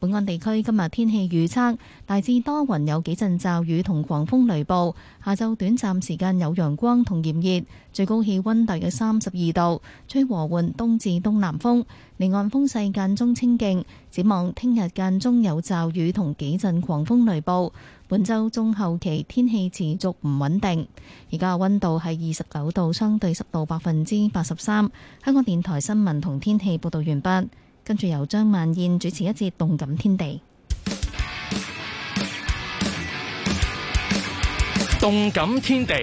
本岸地區今日天氣預測大致多雲，有幾陣驟雨同狂風雷暴。下晝短暫時間有陽光同炎熱，最高氣溫大約三十二度，吹和緩東至東南風。離岸風勢間中清勁。展望聽日間中有驟雨同幾陣狂風雷暴。本周中後期天氣持續唔穩定。而家嘅溫度係二十九度，相對濕度百分之八十三。香港電台新聞同天氣報道完畢。跟住由張曼燕主持一節《動感天地》。《動感天地》，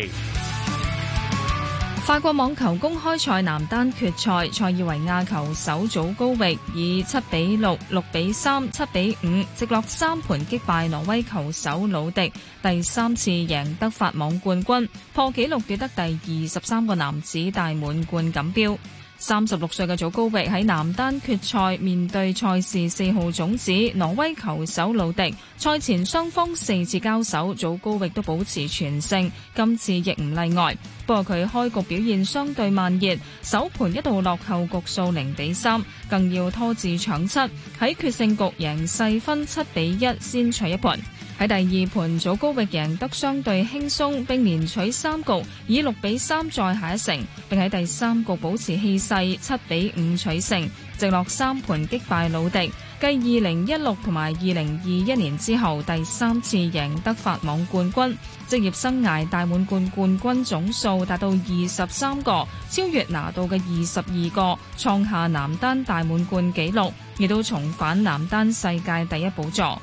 法國網球公開賽男單決賽，塞爾維亞球手祖高域以七比六、六比三、七比五，直落三盤擊敗挪威球手魯迪，第三次贏得法網冠軍，破紀錄奪得第二十三個男子大滿貫錦標。三十六歲嘅祖高域喺男單決賽面對賽事四號種子挪威球手魯迪，賽前雙方四次交手，祖高域都保持全勝，今次亦唔例外。不過佢開局表現相對慢熱，首盤一度落後局數零比三，更要拖至搶七，喺決勝局贏細分七比一先取一盤。喺第二盤早高域贏得相對輕鬆，並連取三局，以六比三再下一城。並喺第三局保持氣勢，七比五取勝，直落三盤擊敗魯迪，繼二零一六同埋二零二一年之後第三次贏得法網冠軍。職業生涯大滿貫冠，冠，冠軍總數達到二十三個，超越拿到嘅二十二個，創下男單大滿貫紀錄，亦都重返男單世界第一寶座。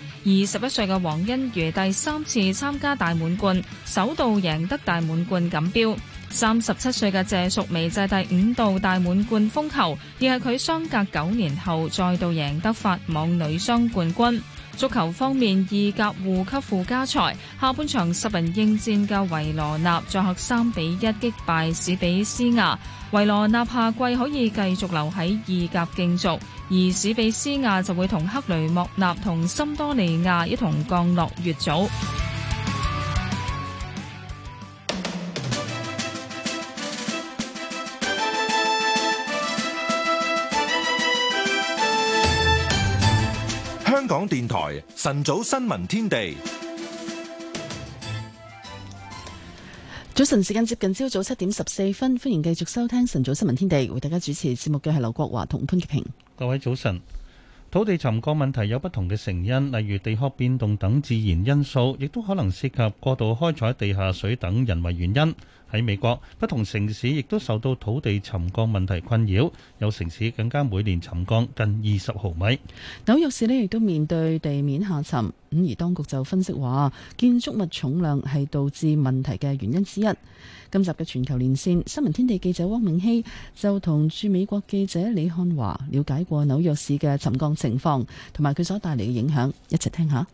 二十一歲嘅王欣瑜第三次參加大滿貫，首度贏得大滿貫錦標。三十七歲嘅謝淑薇則第五度大滿貫封后，亦係佢相隔九年後再度贏得法網女雙冠軍。足球方面，意甲護級附加賽，下半場十人應戰嘅維羅納作客三比一擊敗史比斯亞。維羅納下季可以繼續留喺意甲競逐，而史比斯亞就會同克雷莫納同森多利亞一同降落乙組。港電台晨早新聞天地，早晨時間接近朝早七點十四分，歡迎繼續收聽晨早新聞天地，為大家主持節目嘅係劉國華同潘潔平。各位早晨，土地沉降問題有不同嘅成因，例如地殼變動等自然因素，亦都可能涉及過度開採地下水等人為原因。喺美國，不同城市亦都受到土地沉降問題困擾，有城市更加每年沉降近二十毫米。紐約市呢亦都面對地面下沉，咁而當局就分析話，建築物重量係導致問題嘅原因之一。今集嘅全球連線，新聞天地記者汪明熙就同駐美國記者李漢華了解過紐約市嘅沉降情況同埋佢所帶嚟嘅影響，一齊聽下。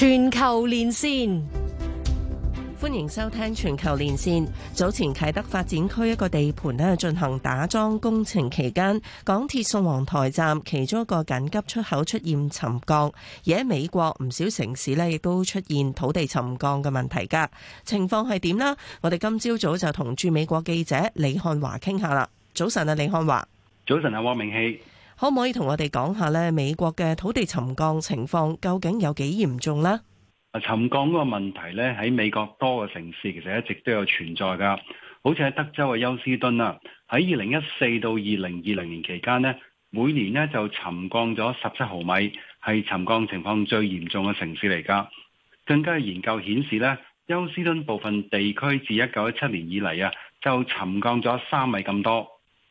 全球連線，歡迎收聽全球連線。早前啟德發展區一個地盤呢，進行打樁工程期間，港鐵宋皇台站其中一個緊急出口出現沉降，而喺美國唔少城市呢亦都出現土地沉降嘅問題。㗎情況係點呢？我哋今朝早就同駐美國記者李漢華傾下啦。早晨啊，李漢華。早晨啊，汪明熙。可唔可以同我哋講下咧美國嘅土地沉降情況究竟有幾嚴重呢？啊，沉降嗰個問題咧，喺美國多個城市其實一直都有存在噶，好似喺德州嘅休斯敦啦，喺二零一四到二零二零年期間呢，每年呢就沉降咗十七毫米，係沉降情況最嚴重嘅城市嚟噶。更加有研究顯示呢，休斯敦部分地區自一九一七年以嚟啊，就沉降咗三米咁多，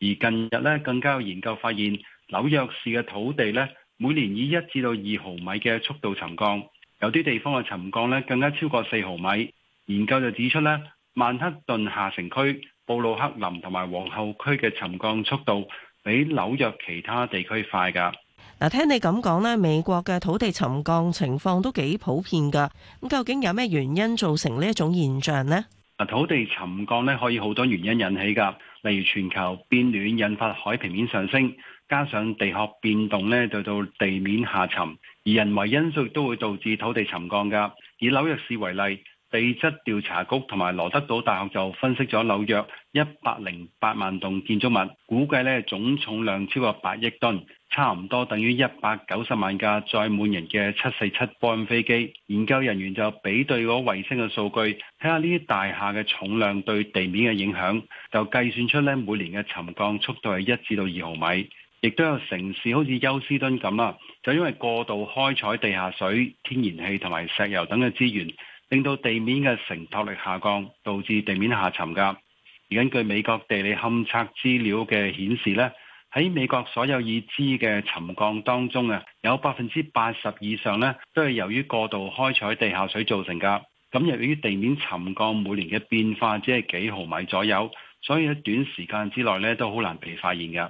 而近日呢，更加有研究發現。紐約市嘅土地呢，每年以一至到二毫米嘅速度沉降，有啲地方嘅沉降呢，更加超過四毫米。研究就指出呢，曼克頓下城區、布魯克林同埋皇后區嘅沉降速度比紐約其他地區快噶。嗱，聽你咁講呢，美國嘅土地沉降情況都幾普遍噶。咁究竟有咩原因造成呢一種現象呢？土地沉降呢，可以好多原因引起噶，例如全球變暖引發海平面上升。加上地殼變動咧，就到地面下沉；而人為因素都會導致土地沉降噶。以紐約市為例，地質調查局同埋羅德島大學就分析咗紐約一百零八萬棟建築物，估計咧總重量超過八億噸，差唔多等於一百九十萬架載滿人嘅七四七波音飛機。研究人員就比對嗰衞星嘅數據，睇下呢啲大廈嘅重量對地面嘅影響，就計算出咧每年嘅沉降速度係一至到二毫米。亦都有城市好似休斯敦咁啊，就因為過度開採地下水、天然氣同埋石油等嘅資源，令到地面嘅承托力下降，導致地面下沉噶。而根據美國地理勘測資料嘅顯示呢，喺美國所有已知嘅沉降當中啊，有百分之八十以上呢都係由於過度開採地下水造成噶。咁由於地面沉降每年嘅變化只係幾毫米左右，所以喺短時間之內呢都好難被發現噶。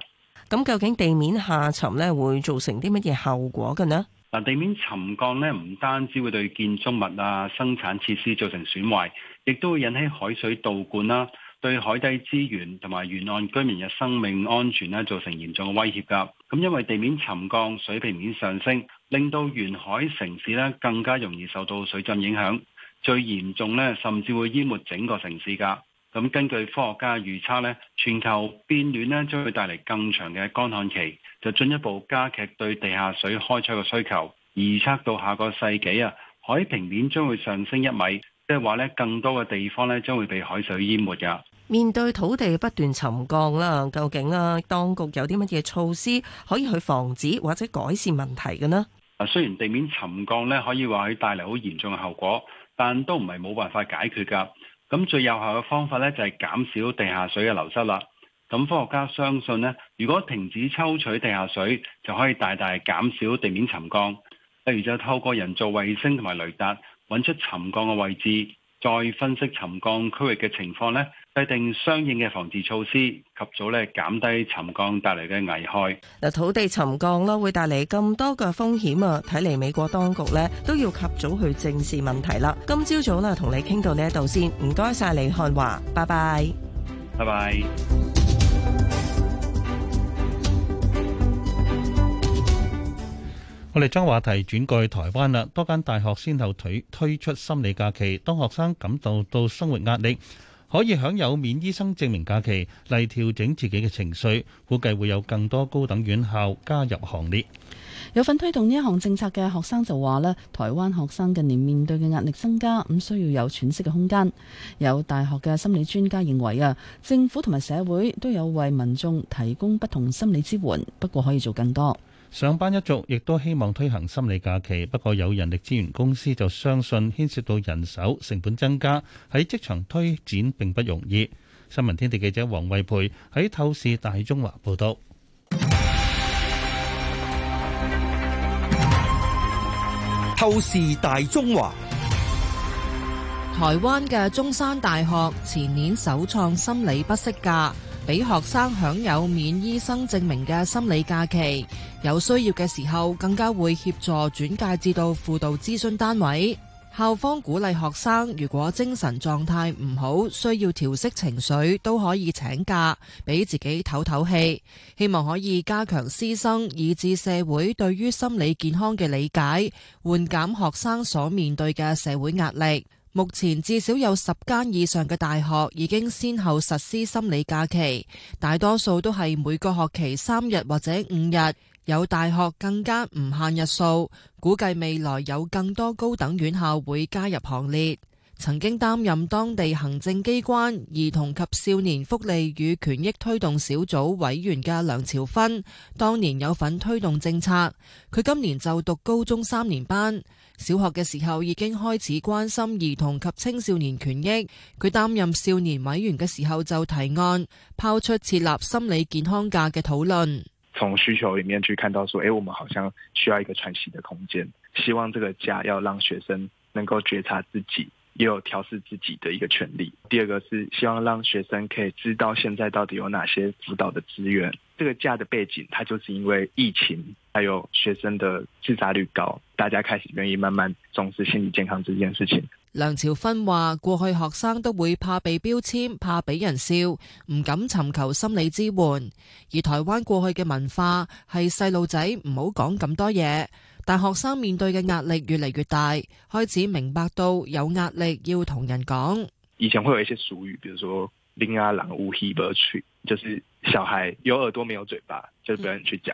咁究竟地面下沉呢，會造成啲乜嘢後果嘅呢？嗱，地面沉降呢，唔單止會對建築物啊、生產設施造成損壞，亦都會引起海水倒灌啦，對海底資源同埋沿岸居民嘅生命安全呢，造成嚴重嘅威脅噶。咁因為地面沉降、水平面上升，令到沿海城市呢更加容易受到水浸影響，最嚴重呢，甚至會淹沒整個城市噶。咁根據科學家預測咧，全球變暖咧將會帶嚟更長嘅乾旱期，就進一步加劇對地下水開採嘅需求。預測到下個世紀啊，海平面將會上升一米，即係話咧，更多嘅地方咧將會被海水淹沒㗎。面對土地不斷沉降啦，究竟啊，當局有啲乜嘢措施可以去防止或者改善問題嘅呢？啊，雖然地面沉降咧可以話佢帶嚟好嚴重嘅後果，但都唔係冇辦法解決㗎。咁最有效嘅方法咧，就係減少地下水嘅流失啦。咁科學家相信呢，如果停止抽取地下水，就可以大大減少地面沉降。例如，就透過人造衛星同埋雷達，揾出沉降嘅位置，再分析沉降區域嘅情況咧，制定相應嘅防治措施，及早咧減低沉降帶嚟嘅危害。嗱，土地沉降咯，會帶嚟咁多嘅風險啊！睇嚟美國當局呢都要及早去正視問題啦。今朝早呢，同你傾到呢一度先，唔該晒，李漢華，拜拜，拜拜 bye。 我哋將話題轉過去台灣啦，多間大學先後推推出心理假期，當學生感受到到生活壓力，可以享有免醫生證明假期嚟調整自己嘅情緒，估計會有更多高等院校加入行列。有份推動呢一項政策嘅學生就話咧，台灣學生近年面對嘅壓力增加，咁需要有喘息嘅空間。有大學嘅心理專家認為啊，政府同埋社會都有為民眾提供不同心理支援，不過可以做更多。上班一族亦都希望推行心理假期，不過有人力資源公司就相信牽涉到人手成本增加，喺職場推展並不容易。新聞天地記者黃慧培喺透視大中華報道。透視大中華，台灣嘅中山大學前年首創心理不適假。俾學生享有免醫生證明嘅心理假期，有需要嘅時候更加會協助轉介至到輔導諮詢單位。校方鼓勵學生如果精神狀態唔好，需要調適情緒都可以請假，俾自己唞唞氣。希望可以加強師生以至社會對於心理健康嘅理解，緩減學生所面對嘅社會壓力。目前至少有十間以上嘅大學已經先後實施心理假期，大多數都係每個學期三日或者五日，有大學更加唔限日數。估計未來有更多高等院校會加入行列。曾經擔任當地行政機關兒童及少年福利與權益推動小組委員嘅梁朝芬，當年有份推動政策，佢今年就讀高中三年班。小學嘅時候已經開始關心兒童及青少年權益，佢擔任少年委員嘅時候就提案拋出設立心理健康假嘅討論。從需求裏面去看到說，說、欸、誒，我們好像需要一個喘息的空間。希望這個假要讓學生能夠覺察自己，也有調適自己的一個權利。第二個是希望讓學生可以知道現在到底有哪些輔導的資源。這個假的背景，它就是因為疫情。還有學生的自殺率高，大家開始願意慢慢重視心理健康這件事情。梁朝芬話，過去學生都會怕被標籤，怕俾人笑，唔敢尋求心理支援。而台灣過去嘅文化係細路仔唔好講咁多嘢，但學生面對嘅壓力越嚟越大，開始明白到有壓力要同人講。以前會有一些俗語，比如說“零啊冷無耳朵去”，就是小孩有耳朵沒有嘴巴，就是不要人去講。嗯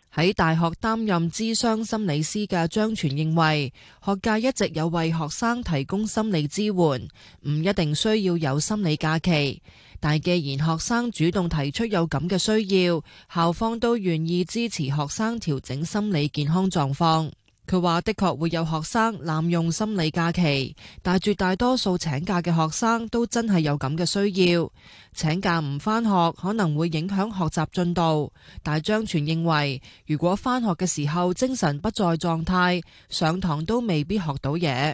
喺大學擔任諮商心理師嘅張全認為，學界一直有為學生提供心理支援，唔一定需要有心理假期。但既然學生主動提出有咁嘅需要，校方都願意支持學生調整心理健康狀況。佢話，的確會有學生濫用心理假期，但絕大多數請假嘅學生都真係有咁嘅需要。請假唔返學可能會影響學習進度，但張全認為，如果返學嘅時候精神不在狀態，上堂都未必學到嘢。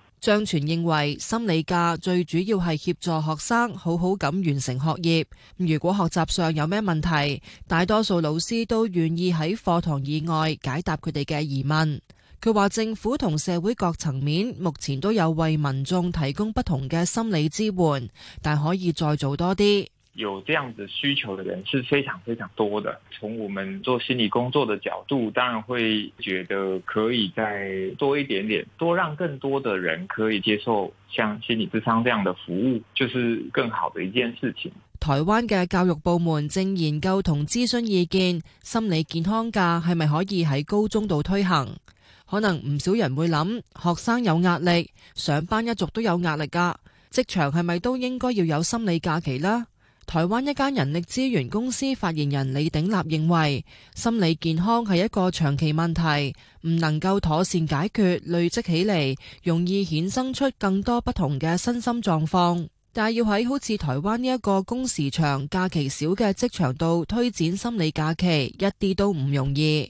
張全認為，心理假最主要係協助學生好好咁完成學業。如果學習上有咩問題，大多數老師都願意喺課堂以外解答佢哋嘅疑問。佢話政府同社會各層面目前都有為民眾提供不同嘅心理支援，但可以再做多啲。有這樣子需求的人是非常非常多的。從我們做心理工作的角度，當然會覺得可以再多一點點，多讓更多的人可以接受像心理諮商這樣的服務，就是更好的一件事情。台灣嘅教育部門正研究同諮詢意見，心理健康假係咪可以喺高中度推行？可能唔少人會諗，學生有壓力，上班一族都有壓力噶，職場係咪都應該要有心理假期呢？台灣一間人力資源公司發言人李鼎立認為，心理健康係一個長期問題，唔能夠妥善解決，累積起嚟，容易衍生出更多不同嘅身心狀況。但係要喺好似台灣呢一個工時長、假期少嘅職場度推展心理假期，一啲都唔容易。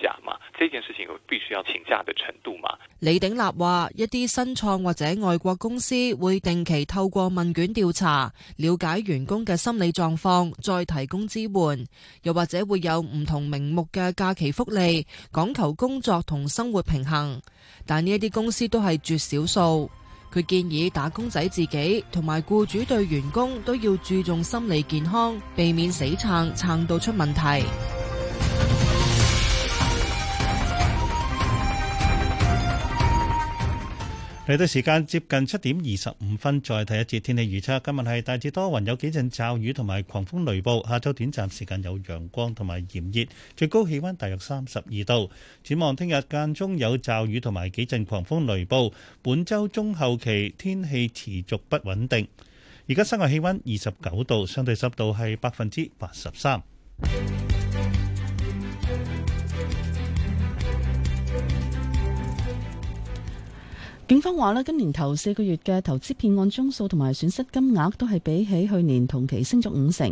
假嘛？呢件事情有必須要請假的程度嘛？李鼎立話，一啲新創或者外國公司會定期透過問卷調查了解員工嘅心理狀況，再提供支援，又或者會有唔同名目嘅假期福利，講求工作同生活平衡。但呢一啲公司都係絕少數。佢建議打工仔自己同埋雇主對員工都要注重心理健康，避免死撐撐到出問題。嚟到時間接近七點二十五分，再睇一次天氣預測。今日係大致多雲，有幾陣驟雨同埋狂風雷暴。下晝短暫時間有陽光同埋炎熱，最高氣溫大約三十二度。展望聽日間中有驟雨同埋幾陣狂風雷暴。本周中後期天氣持續不穩定。而家室外氣溫二十九度，相對濕度係百分之八十三。警方話咧，今年頭四個月嘅投資騙案宗數同埋損失金額都係比起去年同期升咗五成，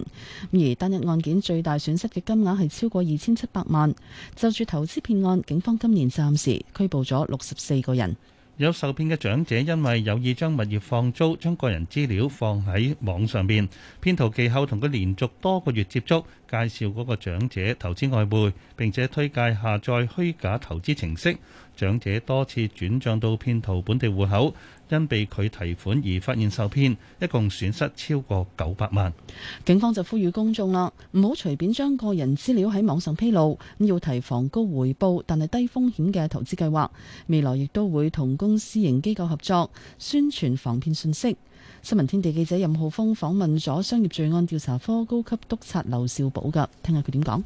而單日案件最大損失嘅金額係超過二千七百萬。就住投資騙案，警方今年暫時拘捕咗六十四個人。有受騙嘅長者因為有意將物業放租，將個人資料放喺網上邊，騙徒其後同佢連續多個月接觸，介紹嗰個長者投資外匯，並且推介下載虛假投資程式。長者多次轉賬到騙徒本地戶口，因被佢提款而發現受騙，一共損失超過九百萬。警方就呼籲公眾啦，唔好隨便將個人資料喺網上披露，咁要提防高回報但係低風險嘅投資計劃。未來亦都會同公私營機構合作宣傳防騙信息。新聞天地記者任浩峰訪問咗商業罪案調查科高級督察劉少寶，噶聽下佢點講。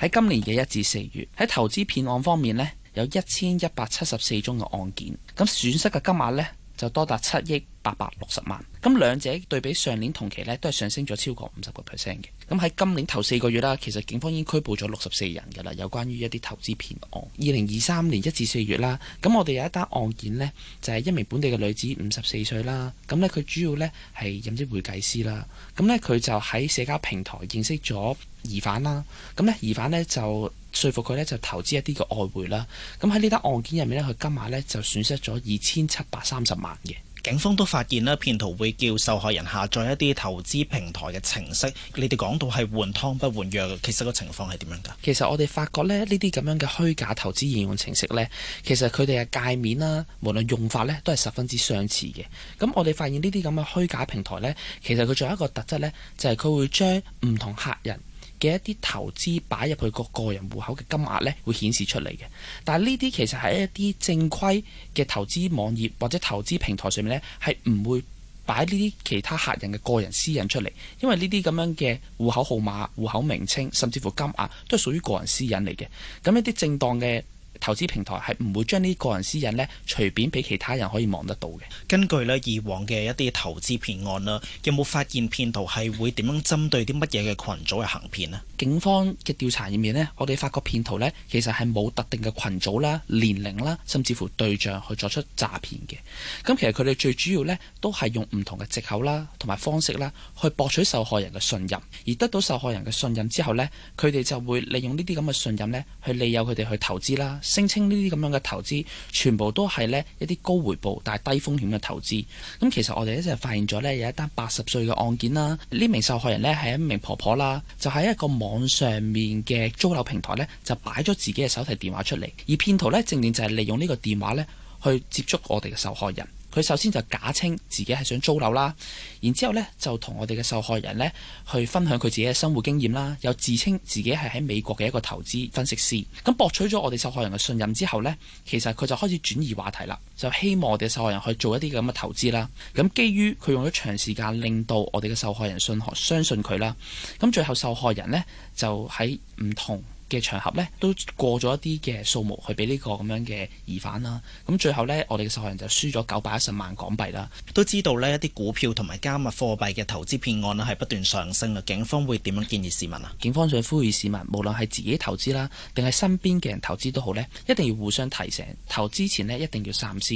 喺今年嘅一至四月喺投資騙案方面呢。1> 有一千一百七十四宗嘅案件，咁損失嘅金額呢，就多達七億，八百六十萬，咁兩者對比上年同期咧，都係上升咗超過五十個 percent 嘅。咁喺今年頭四個月啦，其實警方已經拘捕咗六十四人噶啦，有關於一啲投資騙案。二零二三年一至四月啦，咁我哋有一單案件呢，就係一名本地嘅女子，五十四歲啦，咁呢，佢主要呢係任職會計師啦，咁呢，佢就喺社交平台認識咗疑犯啦，咁呢，疑犯呢就說服佢呢，就投資一啲嘅外匯啦，咁喺呢單案件入面呢，佢今晚呢就損失咗二千七百三十萬嘅。警方都發現啦，騙徒會叫受害人下載一啲投資平台嘅程式。你哋講到係換湯不換藥，其實個情況係點樣㗎？其實我哋發覺咧，呢啲咁樣嘅虛假投資應用程式呢，其實佢哋嘅界面啦、啊，無論用法呢，都係十分之相似嘅。咁我哋發現呢啲咁嘅虛假平台呢，其實佢仲有一個特質呢，就係、是、佢會將唔同客人嘅一啲投資擺入去個個人戶口嘅金額呢，會顯示出嚟嘅。但係呢啲其實係一啲正規嘅投資網頁或者投資平台上面呢，係唔會擺呢啲其他客人嘅個人私隱出嚟，因為呢啲咁樣嘅戶口號碼、戶口名稱，甚至乎金額，都係屬於個人私隱嚟嘅。咁一啲正當嘅。投資平台係唔會將呢啲個人私隱咧隨便俾其他人可以望得到嘅。根據咧以往嘅一啲投資騙案啦，有冇發現騙徒係會點樣針對啲乜嘢嘅群組去行騙咧？警方嘅調查入面咧，我哋發覺騙徒咧其實係冇特定嘅群組啦、年齡啦，甚至乎對象去作出詐騙嘅。咁其實佢哋最主要咧都係用唔同嘅藉口啦同埋方式啦去博取受害人嘅信任，而得到受害人嘅信任之後咧，佢哋就會利用呢啲咁嘅信任咧去利誘佢哋去投資啦。聲稱呢啲咁樣嘅投資，全部都係呢一啲高回報但係低風險嘅投資。咁其實我哋呢就發現咗呢有一單八十歲嘅案件啦，呢名受害人呢係一名婆婆啦，就喺一個網上面嘅租樓平台呢就擺咗自己嘅手提電話出嚟，而騙徒呢正正就係利用呢個電話呢去接觸我哋嘅受害人。佢首先就假稱自己係想租樓啦，然之後呢，就同我哋嘅受害人呢去分享佢自己嘅生活經驗啦，又自稱自己係喺美國嘅一個投資分析師咁，博取咗我哋受害人嘅信任之後呢，其實佢就開始轉移話題啦，就希望我哋受害人去做一啲咁嘅投資啦。咁基於佢用咗長時間令到我哋嘅受害人信任相信佢啦，咁最後受害人呢，就喺唔同嘅場合呢，都過咗一啲嘅數目，去俾呢個咁樣嘅疑犯啦。咁最後呢，我哋嘅受害人就輸咗九百一十萬港幣啦。都知道呢，一啲股票同埋加密貨幣嘅投資騙案啦，係不斷上升嘅。警方會點樣建議市民啊？警方想呼籲市民，無論係自己投資啦，定係身邊嘅人投資都好呢，一定要互相提醒。投資前呢，一定要三思，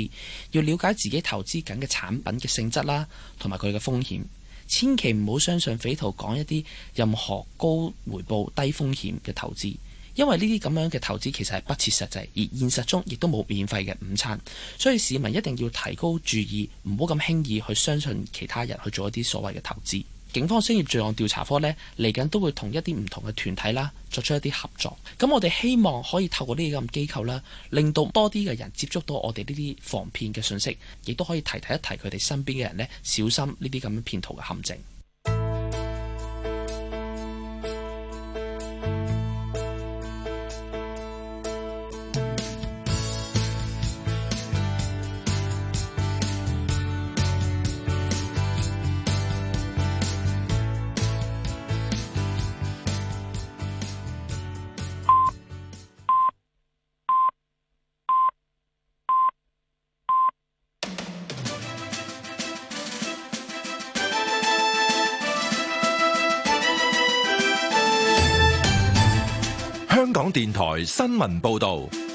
要了解自己投資緊嘅產品嘅性質啦，同埋佢嘅風險。千祈唔好相信匪徒講一啲任何高回報低風險嘅投資，因為呢啲咁樣嘅投資其實係不切實際，而現實中亦都冇免費嘅午餐。所以市民一定要提高注意，唔好咁輕易去相信其他人去做一啲所謂嘅投資。警方商業罪案調查科咧嚟緊都會同一啲唔同嘅團體啦，作出一啲合作。咁我哋希望可以透過呢啲咁機構啦，令到多啲嘅人接觸到我哋呢啲防騙嘅信息，亦都可以提提一提佢哋身邊嘅人呢，小心呢啲咁嘅騙徒嘅陷阱。電台新聞報道。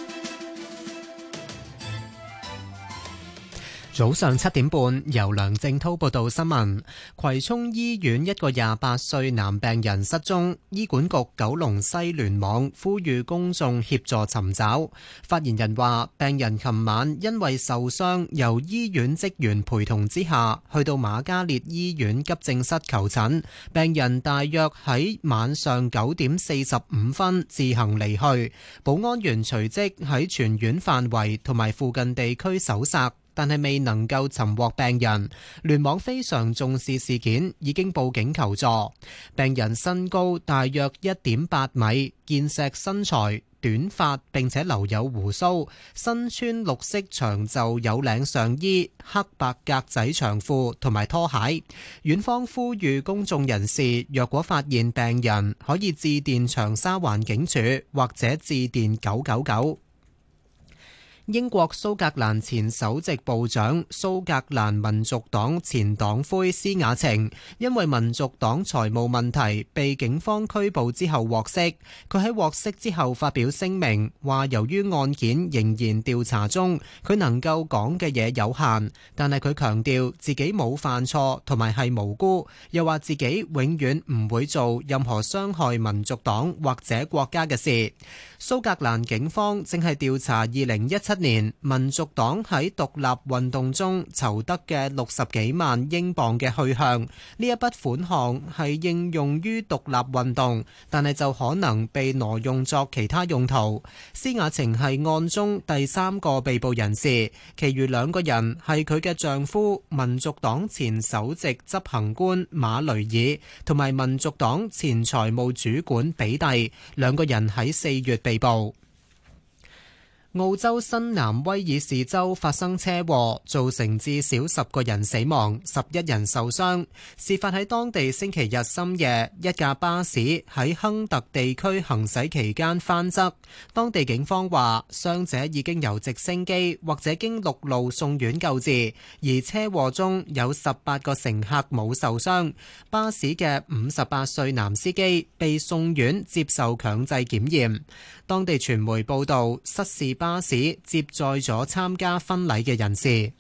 早上七點半，由梁正濤報道新聞。葵涌醫院一個廿八歲男病人失蹤，醫管局九龍西聯網呼籲公眾協助尋找。發言人話，病人琴晚因為受傷，由醫院職員陪同之下去到瑪嘉烈醫院急症室求診，病人大約喺晚上九點四十五分自行離去，保安員隨即喺全院範圍同埋附近地區搜索。但係未能夠尋獲病人，聯網非常重視事件，已經報警求助。病人身高大約一點八米，健碩身材，短髮並且留有鬍鬚，身穿綠色長袖有領上衣、黑白格仔長褲同埋拖鞋。院方呼籲公眾人士若果發現病人，可以致電長沙灣警署或者致電九九九。英國蘇格蘭前首席部長、蘇格蘭民族黨前黨魁施雅晴，因為民族黨財務問題被警方拘捕之後獲釋。佢喺獲釋之後發表聲明，話由於案件仍然調查中，佢能夠講嘅嘢有限，但係佢強調自己冇犯錯同埋係無辜，又話自己永遠唔會做任何傷害民族黨或者國家嘅事。蘇格蘭警方正係調查二零一七年民族黨喺獨立運動中籌得嘅六十幾萬英鎊嘅去向，呢一筆款項係應用於獨立運動，但係就可能被挪用作其他用途。施雅晴係案中第三個被捕人士，其餘兩個人係佢嘅丈夫、民族黨前首席執行官馬雷爾同埋民族黨前財務主管比蒂，兩個人喺四月被。報澳洲新南威爾士州發生車禍，造成至少十個人死亡，十一人受傷。事發喺當地星期日深夜，一架巴士喺亨特地區行駛期間翻側。當地警方話，傷者已經由直升機或者經陸路送院救治，而車禍中有十八個乘客冇受傷。巴士嘅五十八歲男司機被送院接受強制檢驗。當地傳媒報道，失事巴士接載咗參加婚禮嘅人士。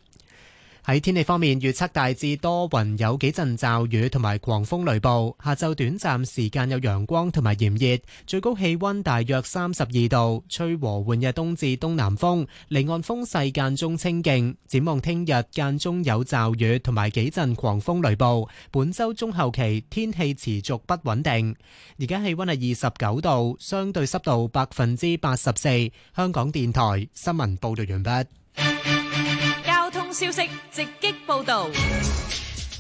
喺天氣方面，預測大致多雲，有幾陣驟雨同埋狂風雷暴。下晝短暫時間有陽光同埋炎熱，最高氣溫大約三十二度，吹和緩嘅東至東南風。離岸風勢間中清勁。展望聽日間中有驟雨同埋幾陣狂風雷暴。本周中後期天氣持續不穩定。而家氣溫係二十九度，相對濕度百分之八十四。香港電台新聞報道完畢。消息直擊報道。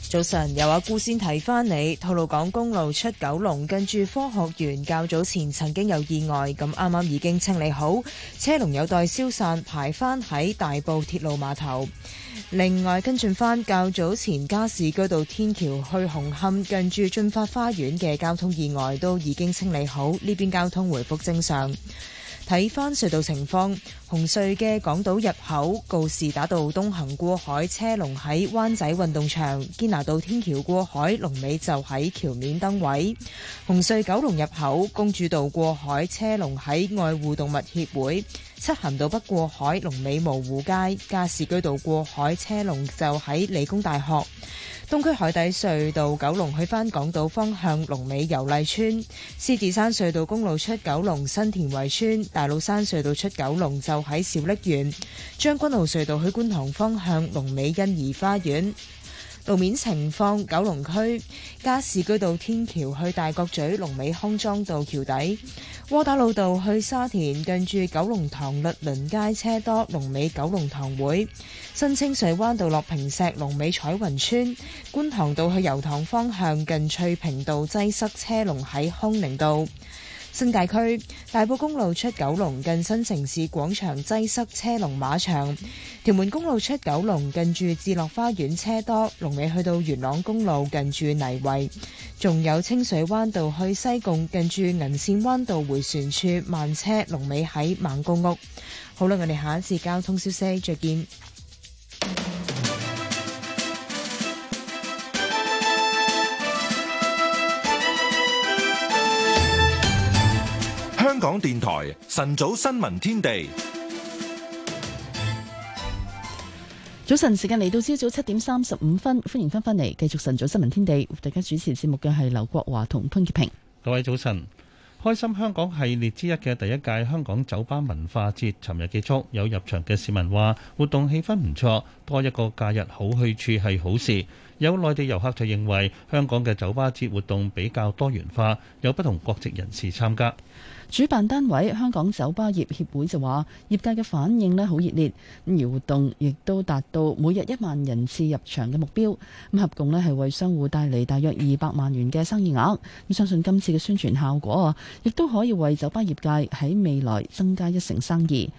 早晨，由阿姑先睇翻你，吐露港公路出九龍，近住科學園較早前曾經有意外，咁啱啱已經清理好，車龍有待消散，排翻喺大埔鐵路碼頭。另外，跟進翻較早前加士居道天橋去紅磡，近住駿發花園嘅交通意外都已經清理好，呢邊交通回復正常。睇返隧道情況，紅隧嘅港島入口告士打道東行過海車龍喺灣仔運動場，堅拿道天橋過海龍尾就喺橋面燈位；紅隧九龍入口公主道過海車龍喺愛護動物協會，漆咸道北過海龍尾蕪湖街，加士居道過海車龍就喺理工大學。東區海底隧道九龍去返港島方向，龍尾油麗邨；獅子山隧道公路出九龍新田圍邨，大老山隧道出九龍就喺小瀝源；將軍澳隧道去觀塘方向龍，龍尾欣怡花園。路面情況：九龍區加士居道天橋去大角咀、龍尾康莊道橋底、窩打老道去沙田近住九龍塘律倫街車多；龍尾九龍塘會、新清水灣道落坪石、龍尾彩雲村、觀塘道去油塘方向近翠屏道擠塞車龍喺康寧道。新界區大埔公路出九龍近新城市廣場擠塞車龍馬長，屯門公路出九龍近住置樂花園車多，龍尾去到元朗公路近住泥圍，仲有清水灣道去西貢近住銀線灣道迴旋處慢車，龍尾喺孟公屋。好啦，我哋下一次交通消息再見。港電台晨早新聞天地，早晨時間嚟到，朝早七點三十五分，歡迎翻返嚟繼續晨早新聞天地。大家主持節目嘅係劉國華同潘潔平。各位早晨，開心香港系列之一嘅第一屆香港酒吧文化節尋日結束，有入場嘅市民話活動氣氛唔錯，多一個假日好去處係好事。有內地遊客就認為香港嘅酒吧節活動比較多元化，有不同國籍人士參加。主辦單位香港酒吧業協會就話，業界嘅反應呢好熱烈，咁而活動亦都達到每日一萬人次入場嘅目標，咁合共呢係為商戶帶嚟大約二百萬元嘅生意額，咁相信今次嘅宣傳效果啊，亦都可以為酒吧業界喺未來增加一成生意。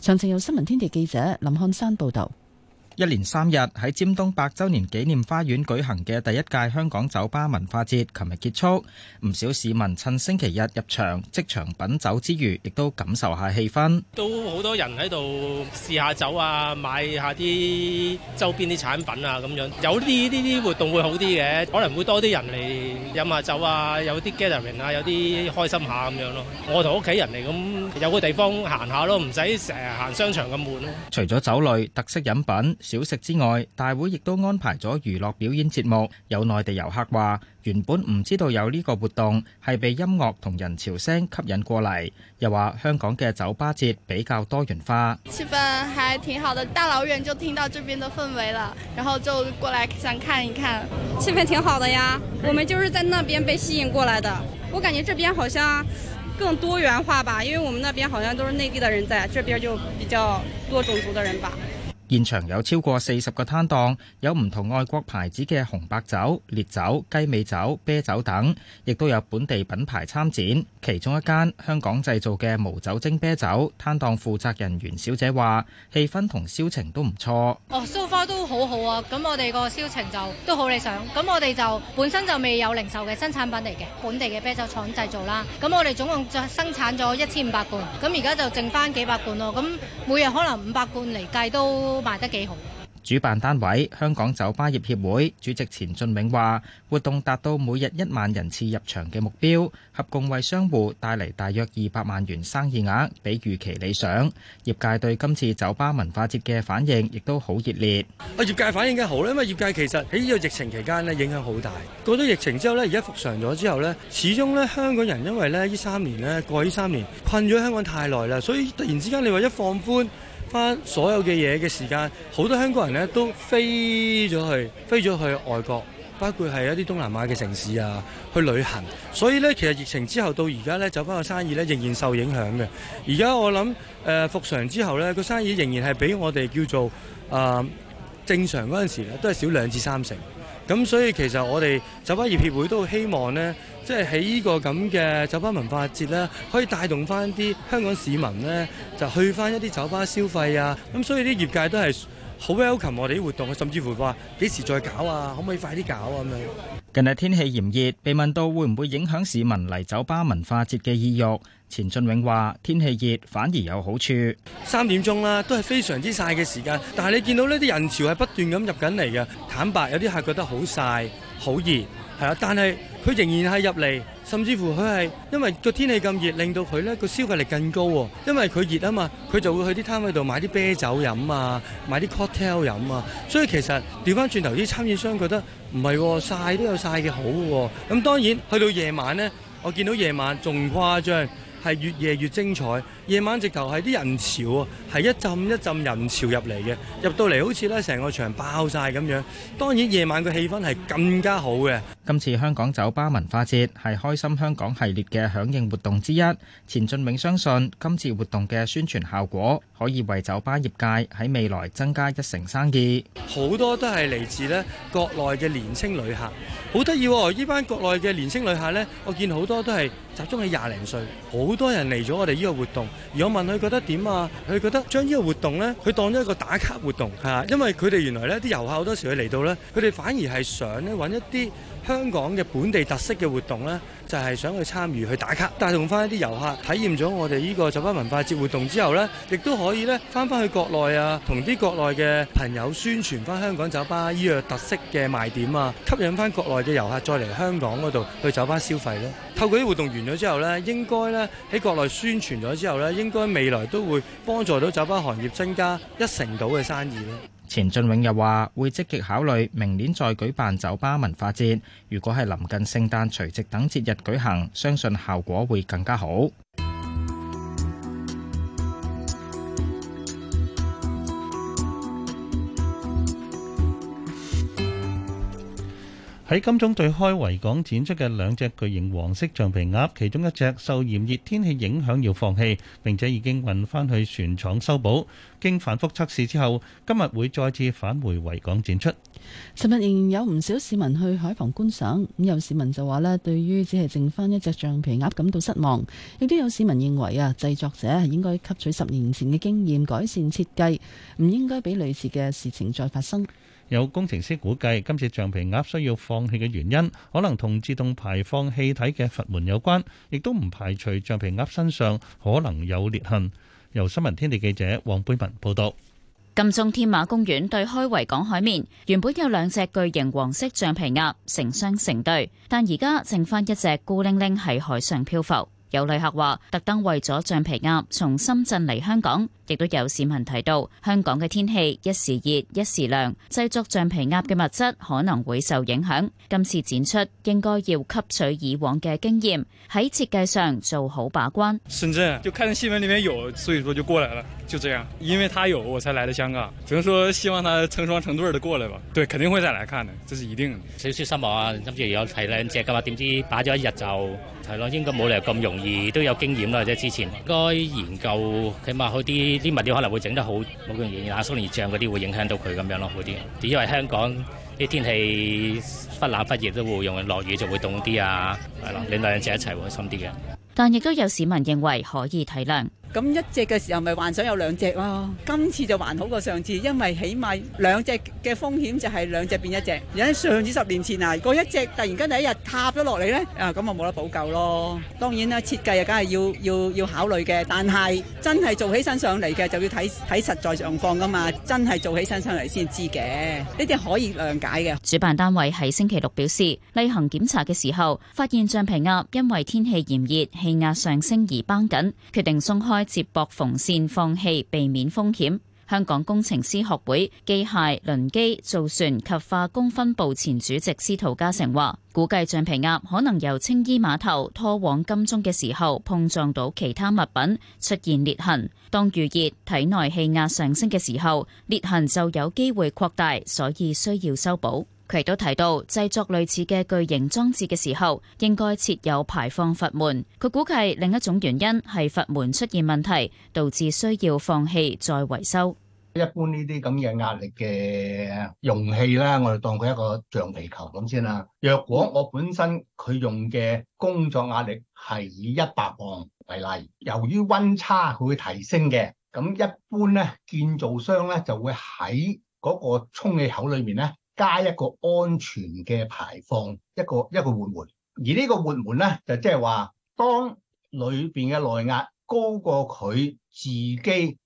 詳情由新聞天地記者林漢山報道。一連三日喺尖東百周年紀念花園舉行嘅第一屆香港酒吧文化節，琴日結束。唔少市民趁星期日入場即場品酒之餘，亦都感受下氣氛。都好多人喺度試下酒啊，買下啲周邊啲產品啊咁樣。有啲呢啲活動會好啲嘅，可能會多啲人嚟飲下酒啊，有啲 gathering 啊，有啲開心下咁樣咯。我同屋企人嚟，咁有個地方行下咯，唔使成日行商場咁悶咯，啊。除咗酒類特色飲品，小食之外，大會亦都安排咗娛樂表演節目。有內地遊客話，原本唔知道有呢個活動，係被音樂同人潮聲吸引過嚟。又話香港嘅酒吧節比較多元化，氣氛還挺好的，大老遠就聽到這邊的氛圍了，然後就過來想看一看，氣氛挺好的呀。我們就是在那邊被吸引過來的，我感覺這邊好像更多元化吧，因為我們那邊好像都是內地的人在，在這邊就比較多種族的人吧。現場有超過四十個攤檔，有唔同外國牌子嘅紅白酒、烈酒、雞尾酒、啤酒等，亦都有本地品牌參展。其中一間香港製造嘅無酒精啤酒攤檔負責人袁小姐話，氣氛同銷情都唔錯。哦，so far 都好好啊，咁我哋個銷情就都好理想。咁我哋就本身就未有零售嘅新產品嚟嘅，本地嘅啤酒廠製造啦。咁我哋總共就生產咗一千五百罐，咁而家就剩返幾百罐咯。咁每日可能五百罐嚟計都。都賣得幾好。主辦單位香港酒吧業協會主席錢俊永話：活動達到每日一萬人次入場嘅目標，合共為商戶帶嚟大約二百萬元生意額，比預期理想。業界對今次酒吧文化節嘅反應亦都好熱烈。業界反應梗好啦，因為業界其實喺呢個疫情期間咧影響好大。過咗疫情之後咧，而家復常咗之後咧，始終咧香港人因為咧呢三年咧過呢三年困咗香港太耐啦，所以突然之間你話一放寬，翻所有嘅嘢嘅時間，好多香港人呢都飛咗去，飛咗去外國，包括係一啲東南亞嘅城市啊去旅行。所以呢，其實疫情之後到而家呢，酒吧嘅生意呢仍然受影響嘅。而家我諗誒、呃、復常之後呢個生意仍然係比我哋叫做誒、呃、正常嗰陣時呢都係少兩至三成。咁所以其實我哋酒吧業協會都希望呢。即係喺呢個咁嘅酒吧文化節咧，可以帶動翻啲香港市民呢，就去翻一啲酒吧消費啊！咁、嗯、所以啲業界都係好 welcome 我哋啲活動，甚至乎話幾時再搞啊，可唔可以快啲搞啊咁樣。近日天氣炎熱，被問到會唔會影響市民嚟酒吧文化節嘅意欲，錢進永話：天氣熱反而有好處。三點鐘啦，都係非常之曬嘅時間，但係你見到呢啲人潮係不斷咁入緊嚟嘅。坦白有啲客覺得好曬、好熱。但係佢仍然係入嚟，甚至乎佢係因為個天氣咁熱，令到佢呢個消費力更高喎、哦。因為佢熱啊嘛，佢就會去啲攤位度買啲啤酒飲啊，買啲 cocktail 飲啊。所以其實調翻轉頭，啲參展商覺得唔係喎，曬都有晒嘅好喎、哦。咁當然去到夜晚呢，我見到夜晚仲誇張。係越夜越精彩，夜晚直頭係啲人潮啊，係一浸一浸人潮入嚟嘅，入到嚟好似咧成個場爆曬咁樣。當然夜晚嘅氣氛係更加好嘅。今次香港酒吧文化節係開心香港系列嘅響應活動之一，錢俊銘相信今次活動嘅宣傳效果。可以為酒吧業界喺未來增加一成生意，好多都係嚟自呢國內嘅年輕旅客，好得意喎！呢班國內嘅年輕旅客呢，我見好多都係集中喺廿零歲，好多人嚟咗我哋呢個活動。而我問佢覺得點啊？佢覺得將呢個活動呢，佢當咗一個打卡活動吓，因為佢哋原來呢啲遊客好多時佢嚟到呢，佢哋反而係想呢揾一啲。香港嘅本地特色嘅活動呢，就係想去參與去打卡，帶動翻一啲遊客體驗咗我哋呢個酒吧文化節活動之後呢，亦都可以呢翻翻去國內啊，同啲國內嘅朋友宣傳翻香港酒吧呢個特色嘅賣點啊，吸引翻國內嘅遊客再嚟香港嗰度去酒吧消費咧。透過啲活動完咗之後呢，應該呢喺國內宣傳咗之後呢，應該未來都會幫助到酒吧行業增加一成到嘅生意咧。錢俊永又話，會積極考慮明年再舉辦酒吧文化節，如果係臨近聖誕、除夕等節日舉行，相信效果會更加好。喺金鐘對開維港展出嘅兩隻巨型黃色橡皮鴨，其中一隻受炎熱天氣影響要放棄，並且已經運翻去船廠修補。經反覆測試之後，今日會再次返回維港展出。尋日仍然有唔少市民去海旁觀賞，咁有市民就話咧，對於只係剩翻一隻橡皮鴨感到失望。亦都有市民認為啊，製作者係應該吸取十年前嘅經驗，改善設計，唔應該俾類似嘅事情再發生。有工程師估計，今次橡皮鴨需要放氣嘅原因，可能同自動排放氣體嘅閥門有關，亦都唔排除橡皮鴨身上可能有裂痕。由新聞天地記者黃貝文報道。金鐘天馬公園對開維港海面，原本有兩隻巨型黃色橡皮鴨成雙成對，但而家剩翻一隻孤零零喺海上漂浮。有旅客話，特登為咗橡皮鴨從深圳嚟香港。亦都有市民提到，香港嘅天氣一時熱一時涼，製作橡皮鴨嘅物質可能會受影響。今次展出應該要吸取以往嘅經驗，喺設計上做好把關。深圳就看啲新聞裡面有，所以說就過嚟啦。就這樣，因為他有，我才嚟到香港。只能說希望他成雙成對地過來吧。對，肯定會再嚟看嘅，這是一定的。誰去三寶啊？咁就也要睇嚟，即係嘛？點知擺咗一日就係咯，應該冇理由咁容易，都有經驗啦。即之前應該研究起碼好啲。呢啲物料可能會整得好冇咁容易。啊，冷縮熱脹嗰啲會影響到佢咁樣咯，好啲。因為香港啲天氣忽冷忽熱，都會容易落雨就會凍啲啊，係咯，你兩隻一齊會開心啲嘅。但亦都有市民認為可以體諒。咁一隻嘅時候，咪幻想有兩隻喎、哦。今次就還好過上次，因為起碼兩隻嘅風險就係兩隻變一隻。而喺上次十年前啊，個一隻突然間第一日塌咗落嚟咧，啊咁啊冇得補救咯。當然啦，設計啊，梗係要要要考慮嘅。但係真係做起身上嚟嘅，就要睇睇實在狀況㗎嘛。真係做起身上嚟先知嘅，呢啲可以諒解嘅。主辦單位喺星期六表示，例行檢查嘅時候，發現橡皮鴨因為天氣炎熱，氣壓上升而繃緊，決定鬆開。接駁縫線放棄，避免風險。香港工程師學會機械、輪機、造船及化工分部前主席司徒嘉誠話，估計橡皮鴨可能由青衣碼頭拖往金鐘嘅時候碰撞到其他物品，出現裂痕。當預熱體內氣壓上升嘅時候，裂痕就有機會擴大，所以需要修補。佢都提到，製作類似嘅巨型裝置嘅時候，應該設有排放閥門。佢估計另一種原因係閥門出現問題，導致需要放氣再維修。一般呢啲咁嘅壓力嘅容器咧，我哋當佢一個橡皮球咁先啦。若果我本身佢用嘅工作壓力係以一百磅為例，由於溫差佢會提升嘅，咁一般咧，建造商咧就會喺嗰個充氣口裏面咧。加一個安全嘅排放，一個一個活門。而呢個活門咧，就即係話，當裏邊嘅內壓高過佢自己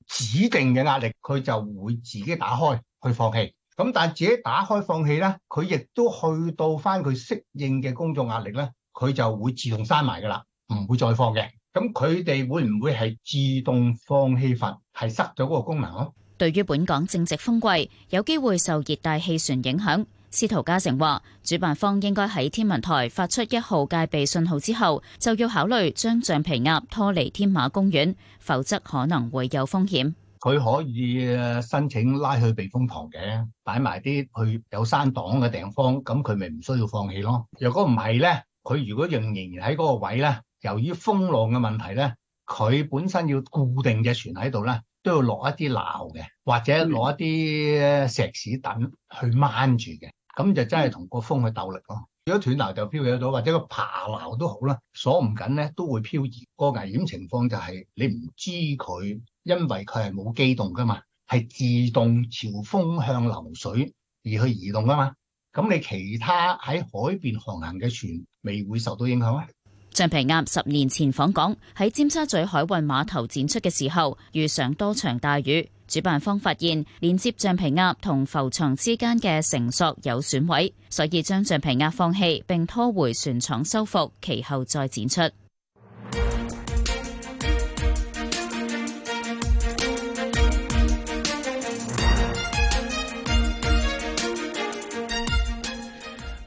指定嘅壓力，佢就會自己打開去放氣。咁但係自己打開放氣咧，佢亦都去到返佢適應嘅工作壓力咧，佢就會自動閂埋㗎啦，唔會再放嘅。咁佢哋會唔會係自動放氣法係塞咗嗰個功能囉？對於本港正值風季，有機會受熱帶氣旋影響，司徒嘉誠話：，主辦方應該喺天文台發出一號戒備信號之後，就要考慮將橡皮鴨拖離天馬公園，否則可能會有風險。佢可以申請拉去避風塘嘅，擺埋啲去有山擋嘅地方，咁佢咪唔需要放棄咯。若果唔係咧，佢如果仍仍然喺嗰個位咧，由於風浪嘅問題咧，佢本身要固定嘅船喺度咧。都要落一啲錨嘅，或者攞的一啲石屎墩去掹住嘅，咁就真係同個風去鬥力咯。如果斷錨就飄走咗，或者個爬錨都好啦，鎖唔緊咧都會漂移。個危險情況就係、是、你唔知佢，因為佢係冇機動噶嘛，係自動朝風向流水而去移動噶嘛。咁你其他喺海邊航行嘅船未會受到影響啊？橡皮鴨十年前訪港，喺尖沙咀海運碼頭展出嘅時候遇上多場大雨，主辦方發現連接橡皮鴨同浮床之間嘅繩索有損毀，所以將橡皮鴨放氣，並拖回船廠修復，其後再展出。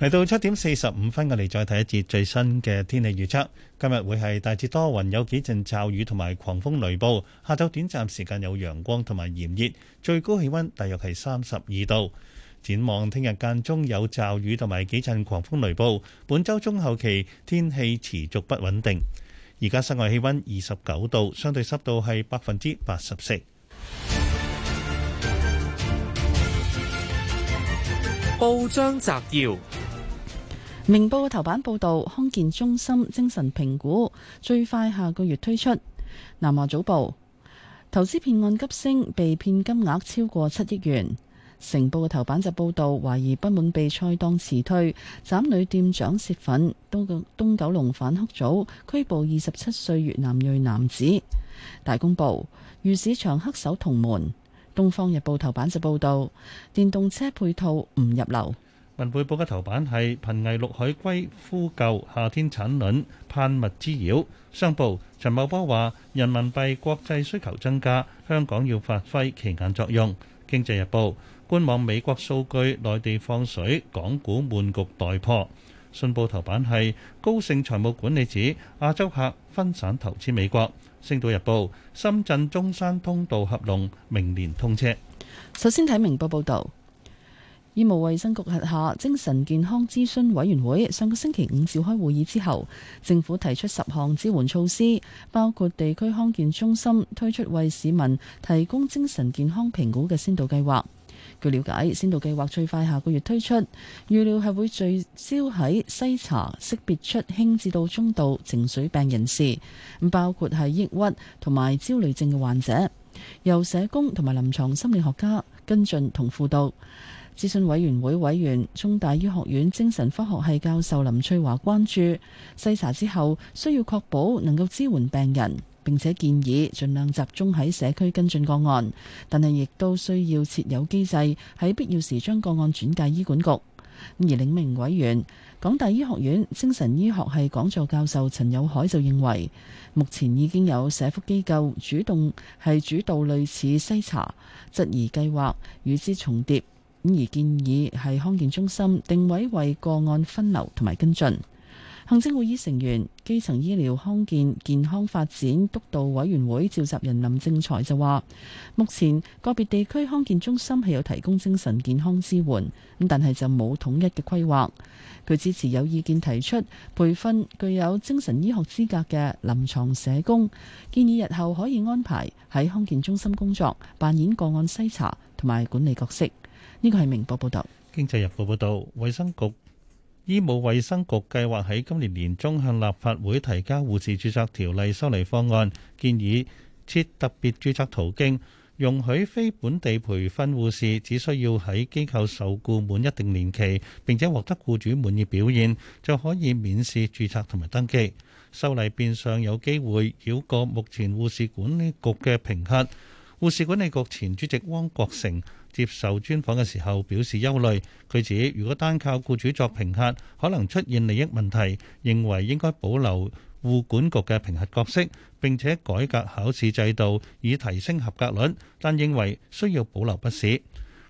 嚟到七點四十五分，我哋再睇一節最新嘅天氣預測。今日會係大致多雲，有幾陣驟雨同埋狂風雷暴。下晝短暫時間有陽光同埋炎熱，最高氣溫大約係三十二度。展望聽日間中有驟雨同埋幾陣狂風雷暴。本周中後期天氣持續不穩定。而家室外氣溫二十九度，相對濕度係百分之八十四。報章摘要。明報嘅頭版報道，康健中心精神評估最快下個月推出。南華早報投資騙案急升，被騙金額超過七億元。成報嘅頭版就報道，懷疑不滿被菜檔辭退，斬女店長泄憤。東東九龍反黑組拘捕二十七歲越南裔男子。大公報如市場黑手同門。東方日報頭版就報道，電動車配套唔入流。文匯報嘅頭版係《瀕危綠海龜呼救，夏天產卵，盼勿滋擾》。商報陳茂波話：人民幣國際需求增加，香港要發揮旗艦作用。經濟日報觀望美國數據，內地放水，港股悶局待破。信報頭版係高盛財務管理指亞洲客分散投資美國。星島日報深圳中山通道合龍，明年通車。首先睇明報報道。醫務衛生局轄下精神健康諮詢委員會上個星期五召開會議之後，政府提出十項支援措施，包括地區康健中心推出為市民提供精神健康評估嘅先導計劃。據了解，先導計劃最快下個月推出，預料係會聚焦喺篩查、識別出輕至到中度情緒病人士，咁包括係抑鬱同埋焦慮症嘅患者，由社工同埋臨牀心理學家跟進同輔導。諮詢委員會委員，中大醫學院精神科學系教授林翠華關注篩查之後，需要確保能夠支援病人，並且建議盡量集中喺社區跟進個案，但係亦都需要設有機制喺必要時將個案轉介醫管局。而另一名委員，港大醫學院精神醫學系講座教授陳友凱就認為，目前已經有社福機構主動係主導類似篩查質疑計劃，與之重疊。咁而建議係康健中心定位為個案分流同埋跟進。行政會議成員、基層醫療康健健康發展督導委員會召集人林正財就話：目前個別地區康健中心係有提供精神健康支援，咁但係就冇統一嘅規劃。佢支持有意見提出培訓具有精神醫學資格嘅臨床社工，建議日後可以安排喺康健中心工作，扮演個案篩查同埋管理角色。呢個係《明報》報道，《經濟日報》報道，衛生局，醫務衛生局計劃喺今年年中向立法會提交護士註冊條例修例方案，建議設特別註冊途徑，容許非本地培訓護士只需要喺機構受僱滿一定年期，並且獲得僱主滿意表現，就可以免試註冊同埋登記。修例變相有機會繞過目前護士管理局嘅評核。護士管理局前主席汪國成。接受專訪嘅時候表示憂慮，佢指如果單靠雇主作評核，可能出現利益問題，認為應該保留護管局嘅評核角色，並且改革考試制度以提升合格率，但認為需要保留筆試。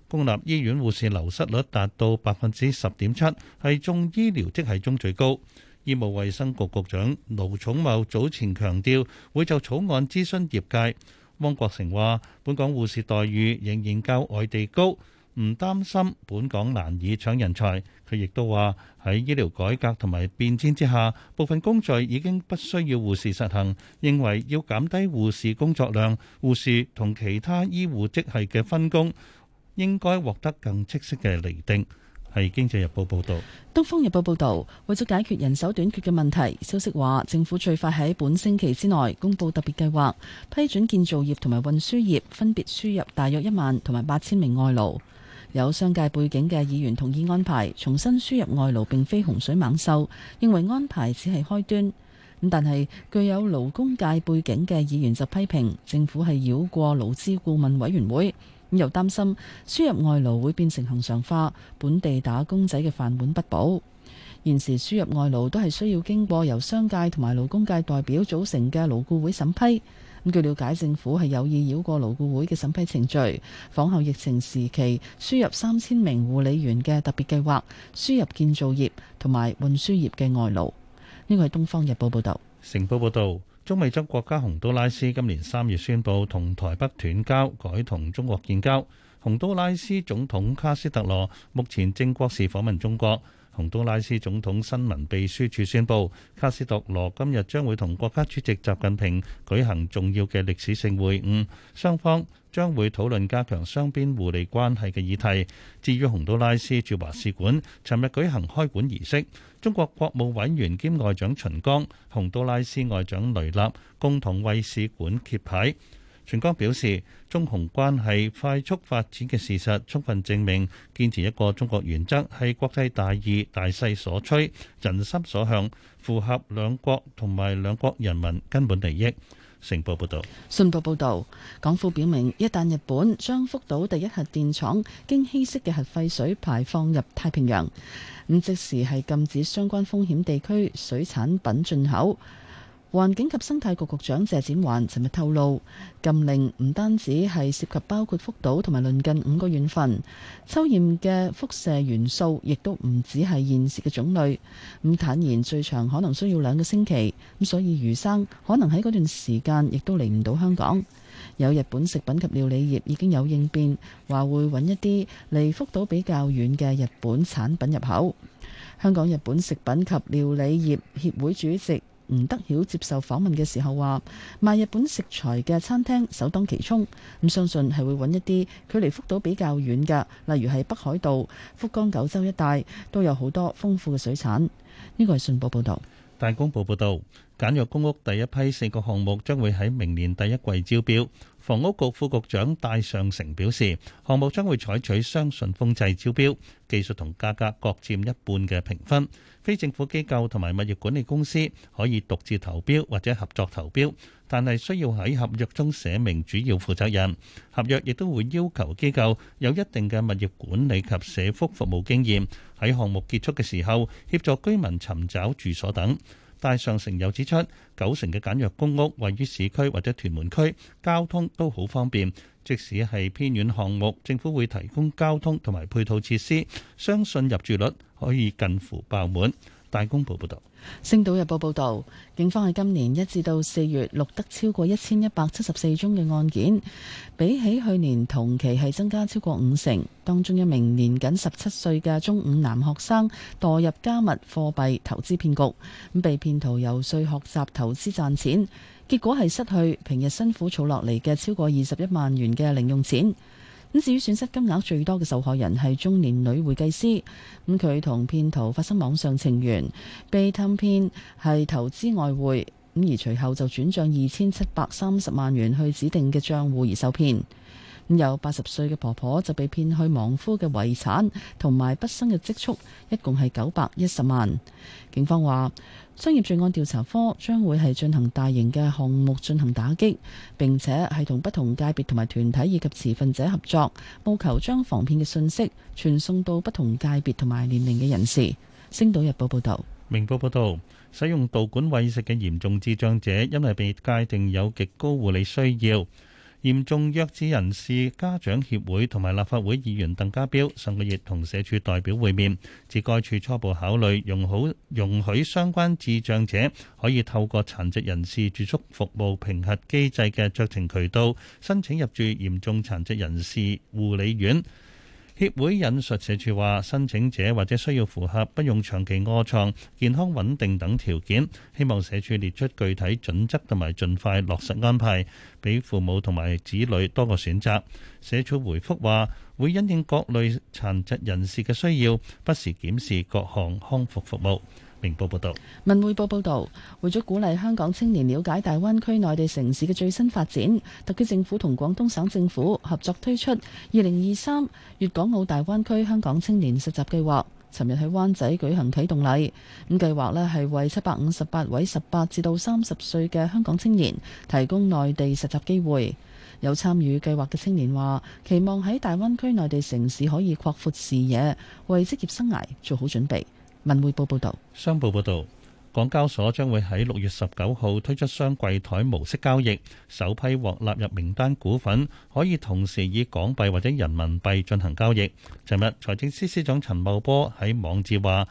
公立醫院護士流失率達到百分之十點七，係眾醫療職系中最高。醫務衛生局局長盧寵茂早前強調，會就草案諮詢業界。汪國成話，本港護士待遇仍然較外地高，唔擔心本港難以搶人才。佢亦都話喺醫療改革同埋變遷之下，部分工序已經不需要護士實行，認為要減低護士工作量，護士同其他醫護職系嘅分工應該獲得更清晰嘅釐定。係《經濟日報》報道，東方日報報道，為咗解決人手短缺嘅問題，消息話政府最快喺本星期之內公布特別計劃，批准建造業同埋運輸業分別輸入大約一萬同埋八千名外勞，有商界背景嘅議員同意安排，重新輸入外勞並非洪水猛獸，認為安排只係開端。咁但係具有勞工界背景嘅議員就批評政府係繞過勞資顧問委員會。又擔心輸入外勞會變成恆常化，本地打工仔嘅飯碗不保。現時輸入外勞都係需要經過由商界同埋勞工界代表組成嘅勞顧會審批。咁據了解，政府係有意繞過勞顧會嘅審批程序，仿效疫情時期輸入三千名護理員嘅特別計劃，輸入建造業同埋運輸業嘅外勞。呢個係《東方日報》報道，《成報》報道。中美洲國家洪都拉斯今年三月宣布同台北斷交，改同中國建交。洪都拉斯總統卡斯特羅目前正國事訪問中國。洪都拉斯總統新聞秘書處宣佈，卡斯特羅今日將會同國家主席習近平舉行重要嘅歷史性會晤，雙方將會討論加強雙邊互利關係嘅議題。至於洪都拉斯駐華使館，尋日舉行開館儀式，中國國務委員兼外長秦剛、洪都拉斯外長雷納共同為使館揭牌。全秦剛表示，中洪關係快速發展嘅事實，充分證明堅持一個中國原則係國際大義、大勢所趨、人心所向，符合兩國同埋兩國人民根本利益。成報報道，信報報道，港府表明，一旦日本將福島第一核電廠經稀釋嘅核廢水排放入太平洋，咁即時係禁止相關風險地區水產品進口。環境及生態局局長謝展環尋日透露，禁令唔單止係涉及包括福島同埋鄰近五個縣份抽驗嘅輻射元素，亦都唔止係現時嘅種類。咁坦言，最長可能需要兩個星期，咁所以魚生可能喺嗰段時間亦都嚟唔到香港。有日本食品及料理業已經有應變，話會揾一啲離福島比較遠嘅日本產品入口。香港日本食品及料理業協會主席。吳德曉接受訪問嘅時候話：賣日本食材嘅餐廳首當其衝，咁相信係會揾一啲距離福島比較遠嘅，例如係北海道、福岡、九州一帶，都有好多豐富嘅水產。呢個係信報報道。大公報報導，簡約公屋第一批四個項目將會喺明年第一季招標。房屋局副局長戴尚成表示，項目將會採取雙信封制招標，技術同價格各佔一半嘅評分。非政府機構同埋物業管理公司可以獨自投標或者合作投標。但係需要喺合約中寫明主要負責人，合約亦都會要求機構有一定嘅物業管理及社福服務經驗。喺項目結束嘅時候，協助居民尋找住所等。大上城又指出，九成嘅簡約公屋位於市區或者屯門區，交通都好方便。即使係偏遠項目，政府會提供交通同埋配套設施，相信入住率可以近乎爆滿。大公報報道，《星島日報》報道，警方喺今年一至到四月錄得超過一千一百七十四宗嘅案件，比起去年同期係增加超過五成。當中一名年僅十七歲嘅中五男學生墮入加密貨幣投資騙局，咁被騙徒遊說學習投資賺錢，結果係失去平日辛苦儲落嚟嘅超過二十一萬元嘅零用錢。咁至於損失金額最多嘅受害人係中年女會計師，咁佢同騙徒發生網上情緣，被氹騙係投資外匯，咁而隨後就轉帳二千七百三十萬元去指定嘅賬戶而受騙。咁有八十歲嘅婆婆就被騙去亡夫嘅遺產同埋畢生嘅積蓄，一共係九百一十萬。警方話。商業罪案調查科將會係進行大型嘅項目進行打擊，並且係同不同界別同埋團體以及持份者合作，務求將防騙嘅信息傳送到不同界別同埋年齡嘅人士。星島日報報道：「明報報道，使用導管餵食嘅嚴重智障者，因為被界定有極高護理需要。嚴重弱智人士家長協會同埋立法會議員鄧家彪上個月同社署代表會面，指該署初步考慮容好容許相關智障者可以透過殘疾人士住宿服務評核機制嘅酌情渠道申請入住嚴重殘疾人士護理院。協會引述社署話：申請者或者需要符合不用長期卧床、健康穩定等條件，希望社署列出具體準則同埋盡快落實安排，俾父母同埋子女多個選擇。社署回覆話：會因應各類殘疾人士嘅需要，不時檢視各項康復服務。報報道，文匯報報道，為咗鼓勵香港青年了解大灣區內地城市嘅最新發展，特區政府同廣東省政府合作推出二零二三粵港澳大灣區香港青年實習計劃。尋日喺灣仔舉行啟動禮。咁、這個、計劃呢係為七百五十八位十八至到三十歲嘅香港青年提供內地實習機會。有參與計劃嘅青年話，期望喺大灣區內地城市可以擴闊視野，為職業生涯做好準備。文匯報報道，商報報道，港交所將會喺六月十九號推出雙櫃台模式交易，首批獲納入名單股份可以同時以港幣或者人民幣進行交易。尋日，財政司司長陳茂波喺網誌話。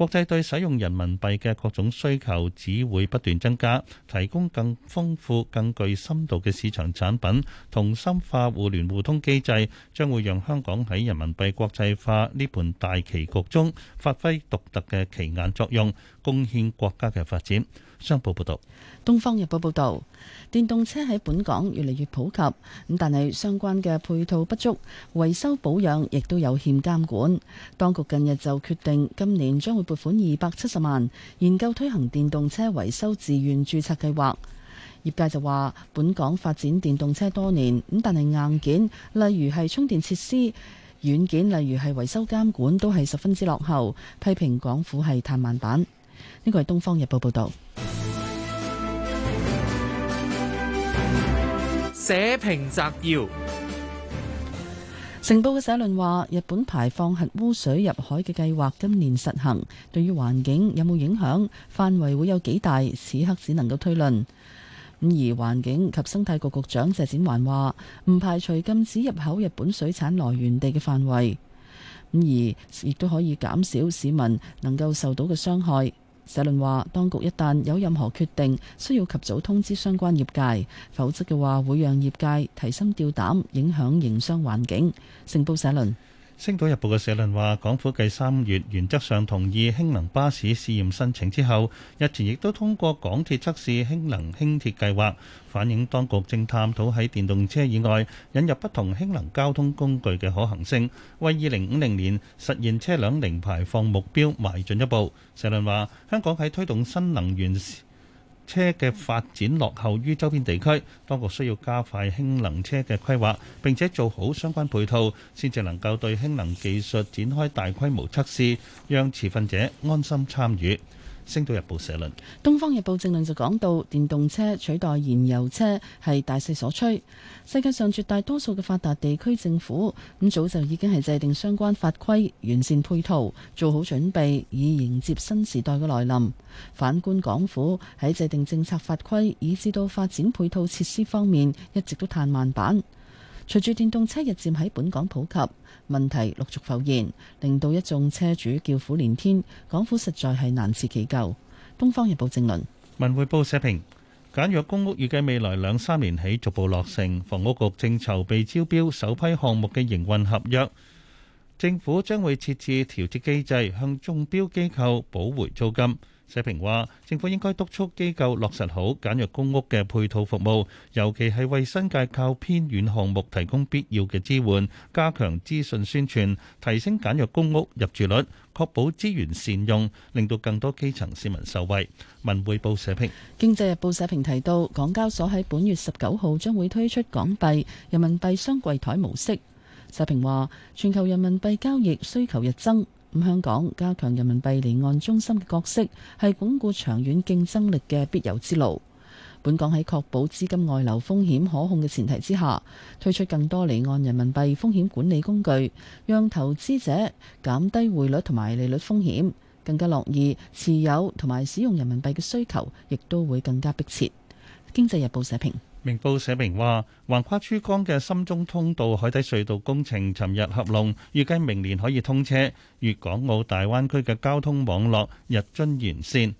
國際對使用人民幣嘅各種需求只會不斷增加，提供更豐富、更具深度嘅市場產品，同深化互聯互通機制，將會讓香港喺人民幣國際化呢盤大棋局中發揮獨特嘅棋眼作用，貢獻國家嘅發展。商報報道，東方日報報道，電動車喺本港越嚟越普及，咁但係相關嘅配套不足，維修保養亦都有欠監管。當局近日就決定，今年將會撥款二百七十萬，研究推行電動車維修自願註冊計劃。業界就話，本港發展電動車多年，咁但係硬件，例如係充電設施，軟件，例如係維修監管，都係十分之落後，批評港府係太慢板。呢個係《東方日報》報道，社評摘要。成報嘅社論話，日本排放核污水入海嘅計劃今年實行，對於環境有冇影響，範圍會有幾大，此刻只能夠推論。咁而環境及生態局局長謝展寰話，唔排除禁止入口日本水產來源地嘅範圍。咁而亦都可以減少市民能夠受到嘅傷害。社論話，當局一旦有任何決定，需要及早通知相關業界，否則嘅話會讓業界提心吊膽，影響營商環境。成報社論。《星島日報》嘅社論話，港府繼三月原則上同意氫能巴士試驗申請之後，日前亦都通過港鐵測試氫能輕鐵計劃，反映當局正探討喺電動車以外引入不同氫能交通工具嘅可行性，為二零五零年實現車輛零排放目標邁進一步。社論話，香港喺推動新能源車嘅發展落後於周邊地區，當局需要加快氫能車嘅規劃，並且做好相關配套，先至能夠對氫能技術展開大規模測試，讓持份者安心參與。《星島日報》社論，《東方日報》正論就講到，電動車取代燃油車係大勢所趨。世界上絕大多數嘅發達地區政府咁早就已經係制定相關法規，完善配套，做好準備，以迎接新時代嘅來臨。反觀港府喺制定政策法規，以至到發展配套設施方面，一直都嘆慢板。隨住電動車日漸喺本港普及，問題陸續浮現，令到一眾車主叫苦連天，港府實在係難辭其咎。東方日報正論。文匯報社評，簡約公屋預計未來兩三年起逐步落成，房屋局正籌備招標首批項目嘅營運合約，政府將會設置調節機制，向中標機構補回租金。社評話：政府應該督促機構落實好簡約公屋嘅配套服務，尤其係為新界較偏遠項目提供必要嘅支援，加強資訊宣傳，提升簡約公屋入住率，確保資源善用，令到更多基層市民受惠。文匯報社評。《經濟日報》社評提到，港交所喺本月十九號將會推出港幣、人民幣雙櫃台模式。社評話：全球人民幣交易需求日增。咁香港加強人民幣離岸中心嘅角色，係鞏固長遠競爭力嘅必由之路。本港喺確保資金外流風險可控嘅前提之下，推出更多離岸人民幣風險管理工具，讓投資者減低匯率同埋利率風險，更加樂意持有同埋使用人民幣嘅需求，亦都會更加迫切。經濟日報社評。明報社明話，橫跨珠江嘅深中通道海底隧道工程尋日合龍，預計明年可以通車，粵港澳大灣區嘅交通網絡日臻完善。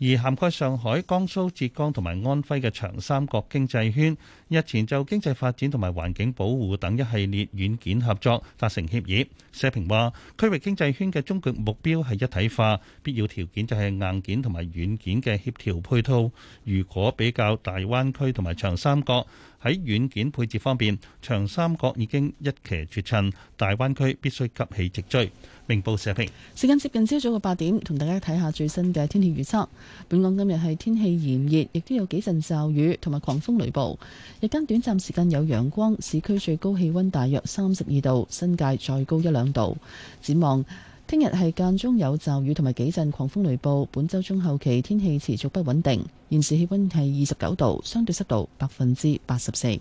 而涵蓋上海、江蘇、浙江同埋安徽嘅長三角經濟圈，日前就經濟發展同埋環境保護等一系列軟件合作達成協議。社評話區域經濟圈嘅終極目標係一體化，必要條件就係硬件同埋軟件嘅協調配套。如果比較大灣區同埋長三角喺軟件配置方面，長三角已經一騎絕塵，大灣區必須急起直追。明報社評，時間接近朝早嘅八點，同大家睇下最新嘅天氣預測。本港今日係天氣炎熱，亦都有幾陣驟雨同埋狂風雷暴。日間短暫時間有陽光，市區最高氣溫大約三十二度，新界再高一兩度。展望聽日係間中有驟雨同埋幾陣狂風雷暴。本周中後期天氣持續不穩定。現時氣溫係二十九度，相對濕度百分之八十四。